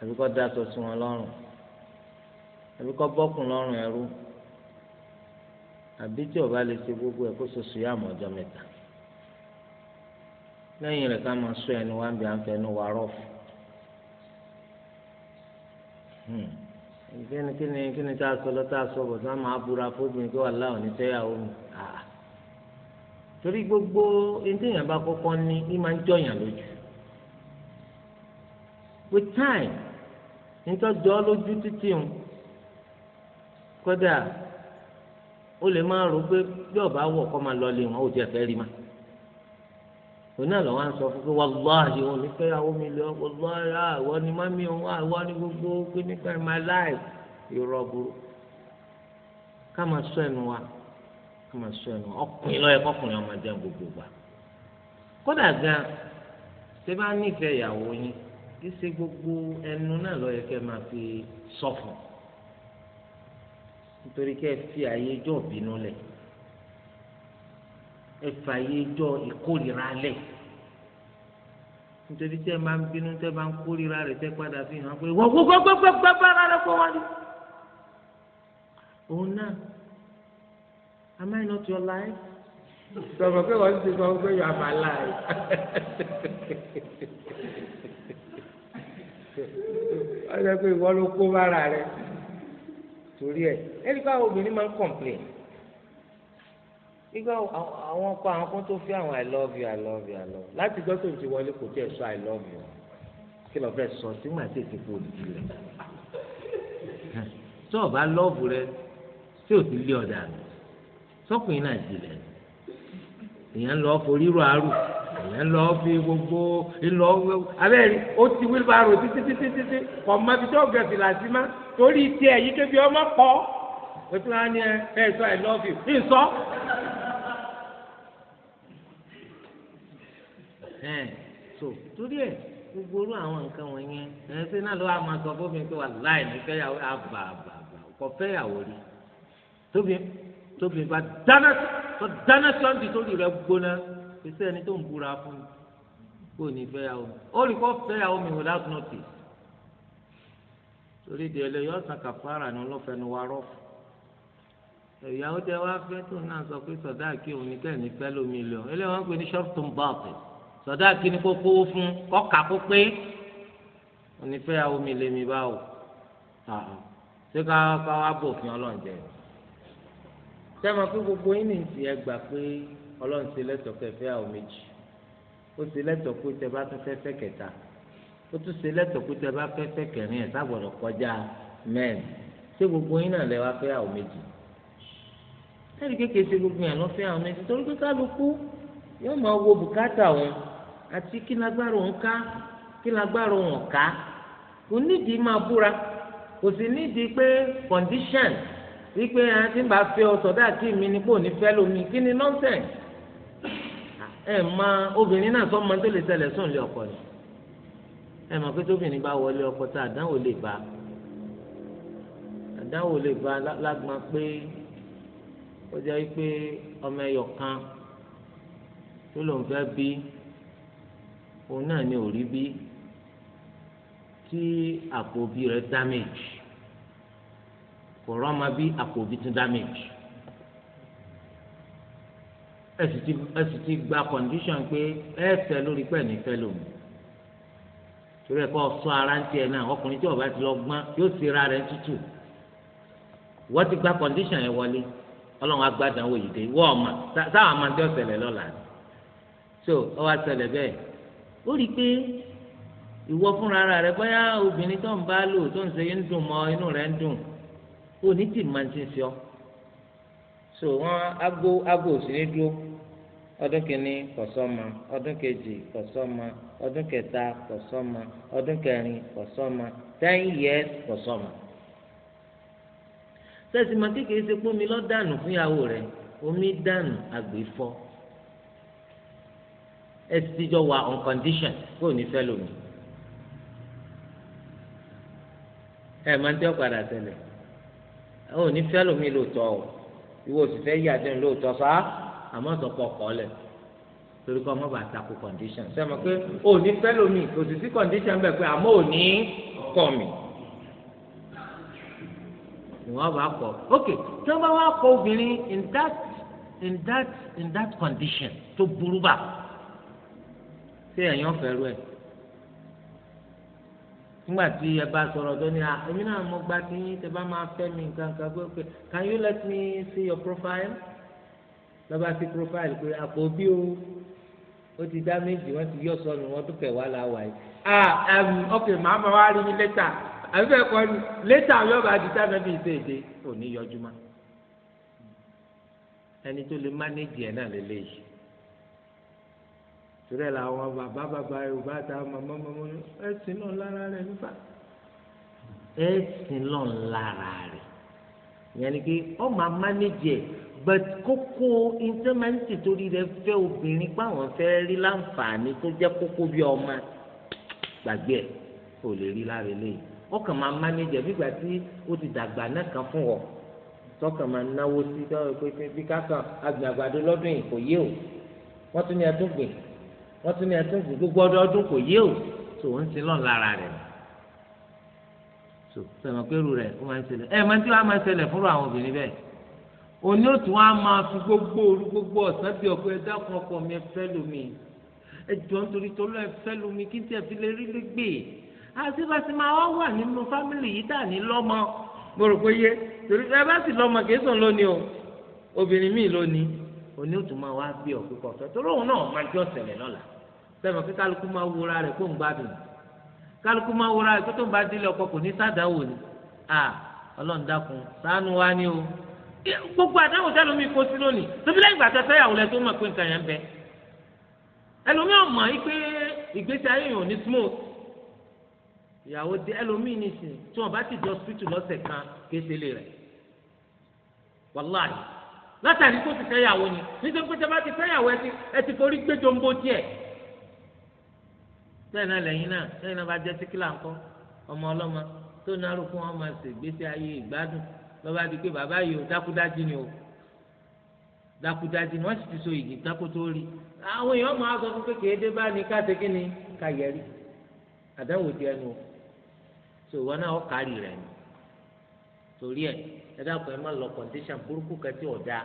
àbí kọ́ dáṣọ sí wọn lọ́rùn àbí kọ́ bọ́kùn lọ́rùn ẹrú àbí tí ó bá lè ṣe gbogbo ẹ̀ kó ṣoṣo yá àmọ́ mẹ́ta lẹ́yìn rẹ̀ ká máa sọ ẹni wá bí à ń fẹnu wà rọ́ọ̀fù. Hmm. kíni kíni kíni tá a sọ lọ a sọ bọ̀ máa búra fóbìnrin pé wà láwọn ah. gbogbo ẹni tí bá kọ́kọ́ ní í máa ń jọyàn lójú. with time nítọ́jọ́ lójú títí o kódà o lè máa rò pé bí ọba wọ̀ kọ́ máa òun náà lọ́wọ́ à ń sọ fún pé wàláhì òun ní fẹ́yàwó ah, mi lọ wàláhì ah, àwọ̀ ni mami òun àwọ̀ ah, ni gbogbo pé nípa ẹ̀ máa láì irọ́ burú ká máa sọ ẹnu wa ká máa sọ ẹnu ọkùnrin lọ́yẹ kọkùnrin ọmọ jẹ́ gbogbo gbà kódà gan ṣé bá nífẹ̀ẹ́ ìyàwó yín kí ṣe gbogbo ẹnu náà lọ́yẹ kẹ́ máa fi sọ̀fọ̀ nítorí kẹ́ fi àyè jọ̀ọ́ bínú lẹ̀ ẹ̀fà yìí jọ nítorí tẹ́ máa ń bínú tẹ́ máa ń kórìíra rẹ̀ tẹ́ padà fi hàn pé wọ́n gbọ́gbọ́gbọ́gbọ́ bára rẹ̀ kó wọ́n ní. òun náà am I not your life? sọ̀rọ̀ pé wọ́n ti sọ pé you are my life. wọ́n sọ pé ìwọ ló kó bára rẹ̀ torí ẹ̀ ẹ̀rí káwọn obìnrin máa ń complain igba àwọn ọkọ àwọn kan tó fi àwọn i love you i love you i love you láti gbọ́ tó ti wọlé kò tí ẹ̀ sọ i love you kí lọ́ọ́ fẹ́ sọ sí màá tètè kó di rẹ̀ tó o bá lọ́ọ̀bù rẹ tí o ti lé ọ̀dà rẹ sọ́kùnrin náà jìnlẹ̀ èèyàn lọ forí rọ àrù èèyàn lọ fi gbogbo ìlọ abẹ́rẹ́ ó ti wheelbarrow títí títí títí kọ̀ mọ́ ibi tó gẹ̀ fìlà sí má torí tiẹ̀ yìí kébi ọmọ pọ̀ o tún wá ní ẹ ẹ sọ i love you ì sọ. ẹ̀ so torí ẹ̀ gbogbo orú àwọn nǹkan wọ̀nyẹn ẹ̀ ṣe náà ló wà máa sọ fún mi pé wàláì mi fẹ́ yàwó àbà àbà àbà kò fẹ́ yàwó rí tóbi tóbi bá dáná tó dáná sọ́ǹdì tó rí rẹ gbóná kò sí ẹni tó ń búra fún mi kò ní fẹ́ yàwó mi ó rí kó fẹ́ yàwó mi without notice torí di ẹlẹ́yìn ọ̀sán kàfàrà ni ọlọ́fẹ̀ẹ́ni wa rọ̀ ìyàwó tẹ wá fẹ́ tó náà sọ pé sọ̀dá àkí òun ní kẹ́hìn fẹ́ lómi lọ eléyìí wọ́n ń pè ní ṣọ́ọ̀tún báàpù sọdá kìíní kó kówó fún kọkà kó pé onífẹ́yàwó mi lè mi báwò ṣé ká ká wá bòfin ọlọ́run jẹ sẹ́mi pé gbogbo yín nìyí ẹ gbà pé ọlọ́run ṣe lẹ́tọ̀ọ́ kẹfẹ́yàwó méjì ó ṣe lẹ́tọ̀ọ́ pé tẹ bá tún fẹ́ fẹ́ kẹta ó tún ṣe lẹ́tọ̀ọ́ pé tẹ bá fẹ́ fẹ́ kẹrin ẹ̀ ságbọ̀dọ̀ kọjá mẹ́rin ṣé gbogbo yín náà lẹ wá fẹ́yàwó méjì ẹ̀rí kékeré ṣe gbogbo yàn lọ́fẹ́yàwó méjì torí pé kálukú yóò máa wo bùkátà wọn àti kí lágbára òun ká kí lágbára òun ọ̀ká kò nídìí máa búra kò sì nídìí pé condition wípé ẹni tí ń bá fẹ́ ọ sọ̀dá àti mi ni kò ní fẹ́ lómi kí ni nonsense ẹ máa obìnrin náà sọ́mọ tó lè ṣẹlẹ̀ sùn lé ọkọ ni ẹ mọ̀ pé tóbìnrin bá wọlé ọkọ tá àdánwò lè bá àdánwò lè bá lágbọn pé ó jẹ́ pé ọmọ ẹyọ kan tó lòun fẹ́ bí òun náà ni òrí bí tí àpò òbí rẹ̀ damage kò rọ́mọ bí àpò tún damage ẹ sì ti gba condition pé ẹ fẹ́ lórí pẹ̀ ní fẹ́ lòun torí ẹ kọ́ sọ ara ń tiẹ̀ náà ọkùnrin tí ọba ti lọ gbọ́n yóò ṣe ra rẹ̀ tútù wọ́n ti gba condition yẹn wọlé ọlọ́run agbádàn wò yìí dé wọ́n ọ̀ma táwọn ọmọdé ọ̀sẹ̀lẹ̀ lọ́la so ọ wá bẹ́ẹ̀ ó rí i pé ìwọ fúnra ara rẹ bóyá obìnrin tó ń bá lò tó ń ṣe ń dùn mọ́ inú rẹ ń dùn ó ní tì máa ń ṣe ṣọ so wọn ago ago òsì ní dúró ọdún kìíní kọsọọma ọdún kejì kọsọọma ọdún kẹta kọsọọma ọdún kẹrin kọsọọma ten years kọsọọma sẹ́sìmọ́ kékeré ṣe pé omi fún ìyàwó rẹ̀ omi dànù àgbẹ̀fọ́ ẹ sì jọ wà on condition kó o ní fẹ́ lómi. ẹ máa ń tẹ́ ọ̀padà tẹ̀lẹ̀ ó ní fẹ́ lómi lóòótọ́ o ìwọ sì fẹ́ yà jẹun lóòótọ́ sá àmọ́ sọ̀kọ̀ ọ̀kọ́ lẹ̀ torí kọ́ ọmọ bá takò condition sẹ́mi pé ó ní fẹ́ lómi kò sì sí condition bẹ́ẹ̀ pé àmọ́ ò ní kọ́ mi ìwọ́n bá kọ ok tí wọ́n bá wá kọ obìnrin in that in that in that condition tó burú bá ṣé ẹ̀yàn fẹ́rù ẹ̀ nígbà tí ẹ bá sọ̀rọ̀ tó ní à èmi náà mo gba tí tẹ bá máa fẹ́ mi nǹkan kan pé pé can you let me see your profile lọ́ba sí profile pé àpò bí o ó ti dá méjì wọ́n ti yọ sọnù wọ́n tún kẹ̀ wá la yìí ah um, ok màá ma wá rí mi lẹ́tà àbí bẹ́ẹ̀ kọ́ ni lẹ́tà yọba ti dá mẹ́bí ìṣe èdè kò ní yọjú mọ́ ẹni tó lè mánéjì ẹ̀ náà lélẹ́yìí torí ẹ̀ làwọn bàbá bàbá yorùbá ta màmá màmá ẹ̀ sìn lọ́n lára rẹ̀ nípa ẹ̀ sìn lọ́n lára rẹ̀ ìyẹn ni pé ọmọ amánéjì ẹ̀ but kókó ìtẹ́mẹ́ntì torí rẹ̀ fẹ́ obìnrin páwọn fẹ́ rí láǹfààní tó jẹ́ kókó bí ọmọ gbàgbé ẹ̀ kò lè rí lára eléyìí ọkàn máa mánéjì ẹ̀ nígbà tí ó ti dàgbà náà kan fún ọ tọkàn máa náwó sí tọ́ pé bí kákan agbàgbàdo lọ́dún yìí kò yé o wọ́n tún ní ẹdún gbìn wọ́n tún ní ẹtún kù gbogbo ọdọọdún kò yé o tó ń sin lọ́n lára rẹ̀ tó sọ̀rọ̀ pẹ̀lú rẹ̀ ó máa ń ṣẹlẹ̀ ẹ̀ máa ń tí wàá máa ń ṣẹlẹ̀ fúnra àwọn obìnrin bẹ́ẹ̀ òní ó tún wàá máa fi gbogbo òru gbogbo ọ̀sán bí ọ̀pẹ ẹ̀dá kan ọkọ mi ẹ fẹ́ lómi ẹ jọ nítorí tó lọ ẹ fẹ́ lómi kí n tiẹ̀ fi lè rí lè gbé àti bá ti máa wá wà nínú fámìlì yìí dà ní lọ́mọ mo rò pé yé torí ẹ bá sì lọ́mọ kì í sùn lónìí o obìnrin míì lónìí oní òtún máa wá bí ọ̀ pípọ̀ fẹ́ torí òun náà máa jọ ṣẹlẹ̀ lọ́la sẹ́mi pé kálukú máa wúra rẹ̀ kó ń gbádùn kálukú máa wúra rẹ̀ kó tó ń bá délé ọkọ kò ní sádàáwò ni à ọlọ́run dákun ṣàánú wa ni o gbogbo àdáwò sẹ́nu mi kó sí lónìí tóbi lẹ́yìn ìgbà tẹ́tẹ́ ìyàwó lẹ tó mọ̀ pé nǹkan yẹn ń bẹ ẹlòmíràn mọ̀ yí pé ìgbésí ayé yìí ò ní smooth ìyàwó dé ẹlòmíì nìsín tí wọn bá ti jọ hospital lọ́sẹ̀ kan kéṣe lè rẹ̀ wàláhì látàrí kó ti fẹ́yàwó ni nítorí pé tẹ́lá ti fẹ́yàwó ẹ ti forí gbé jombo tiẹ̀. sẹ́yìn náà lẹ́yìn náà sẹ́yìn náà bá jẹ́ síkìlà ńkọ́ ọmọ ọlọ́mọ tó náró fún wọn máa ṣègbésí ayé ìgbádùn lọ́ba di pé bàbá yìí ò dákúdájí ni o dákúdájí ni wọ́n sì ti so ìgì dákú tó rí àwọn èèyàn máa sọ fún kékeré dé bá ní káṣe kí ni káyẹ̀rí àdáwò tiẹ̀ nù o sòwọ́n náà ọ̀ torí ẹ ẹ dákun ẹ má lọ condition burúkú kẹtí ọ̀dà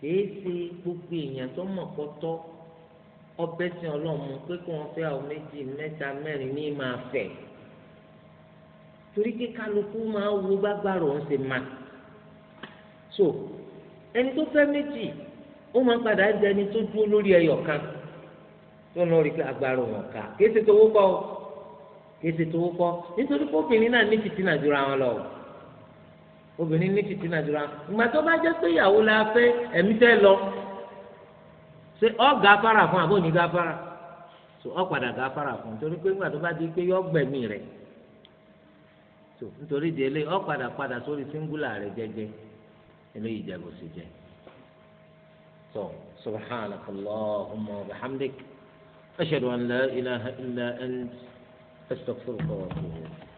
kìí ṣe gbogbo èèyàn tó mọ̀ kọ́tọ́ ọbẹ̀ tí ọlọ́run pé kí wọ́n fẹ́ àwọn méjì mẹ́ta mẹ́rin ní máa fẹ̀ torí pé kálukú máa wo gbágbárò ń ṣe máa so ẹni tó fẹ́ méjì ó máa padà jẹ ẹni tó dúró lórí ẹyọ kan tó náà rí pé agbára òun ọ̀ka kìí tó wó bá kéde tó kọ́ nítorí pé obìnrin náà ní fìtínà jura wọn lọ obìnrin ní fìtínà jura ìgbà tó bá jẹ́ pé ìyàwó la fẹ́ ẹ̀mí fẹ́ lọ ṣe ọ́ gáfárà fún àbó ní gáfárà so ọ́ padà gáfárà fún nítorí pé ìgbà tó bá di pé yọ gbẹ̀mí so nítorí délé ọ́ padà padà sórí síngúlà rẹ̀ ṣe so subhanakallahumma astaghfiruka wa atubu ilayk.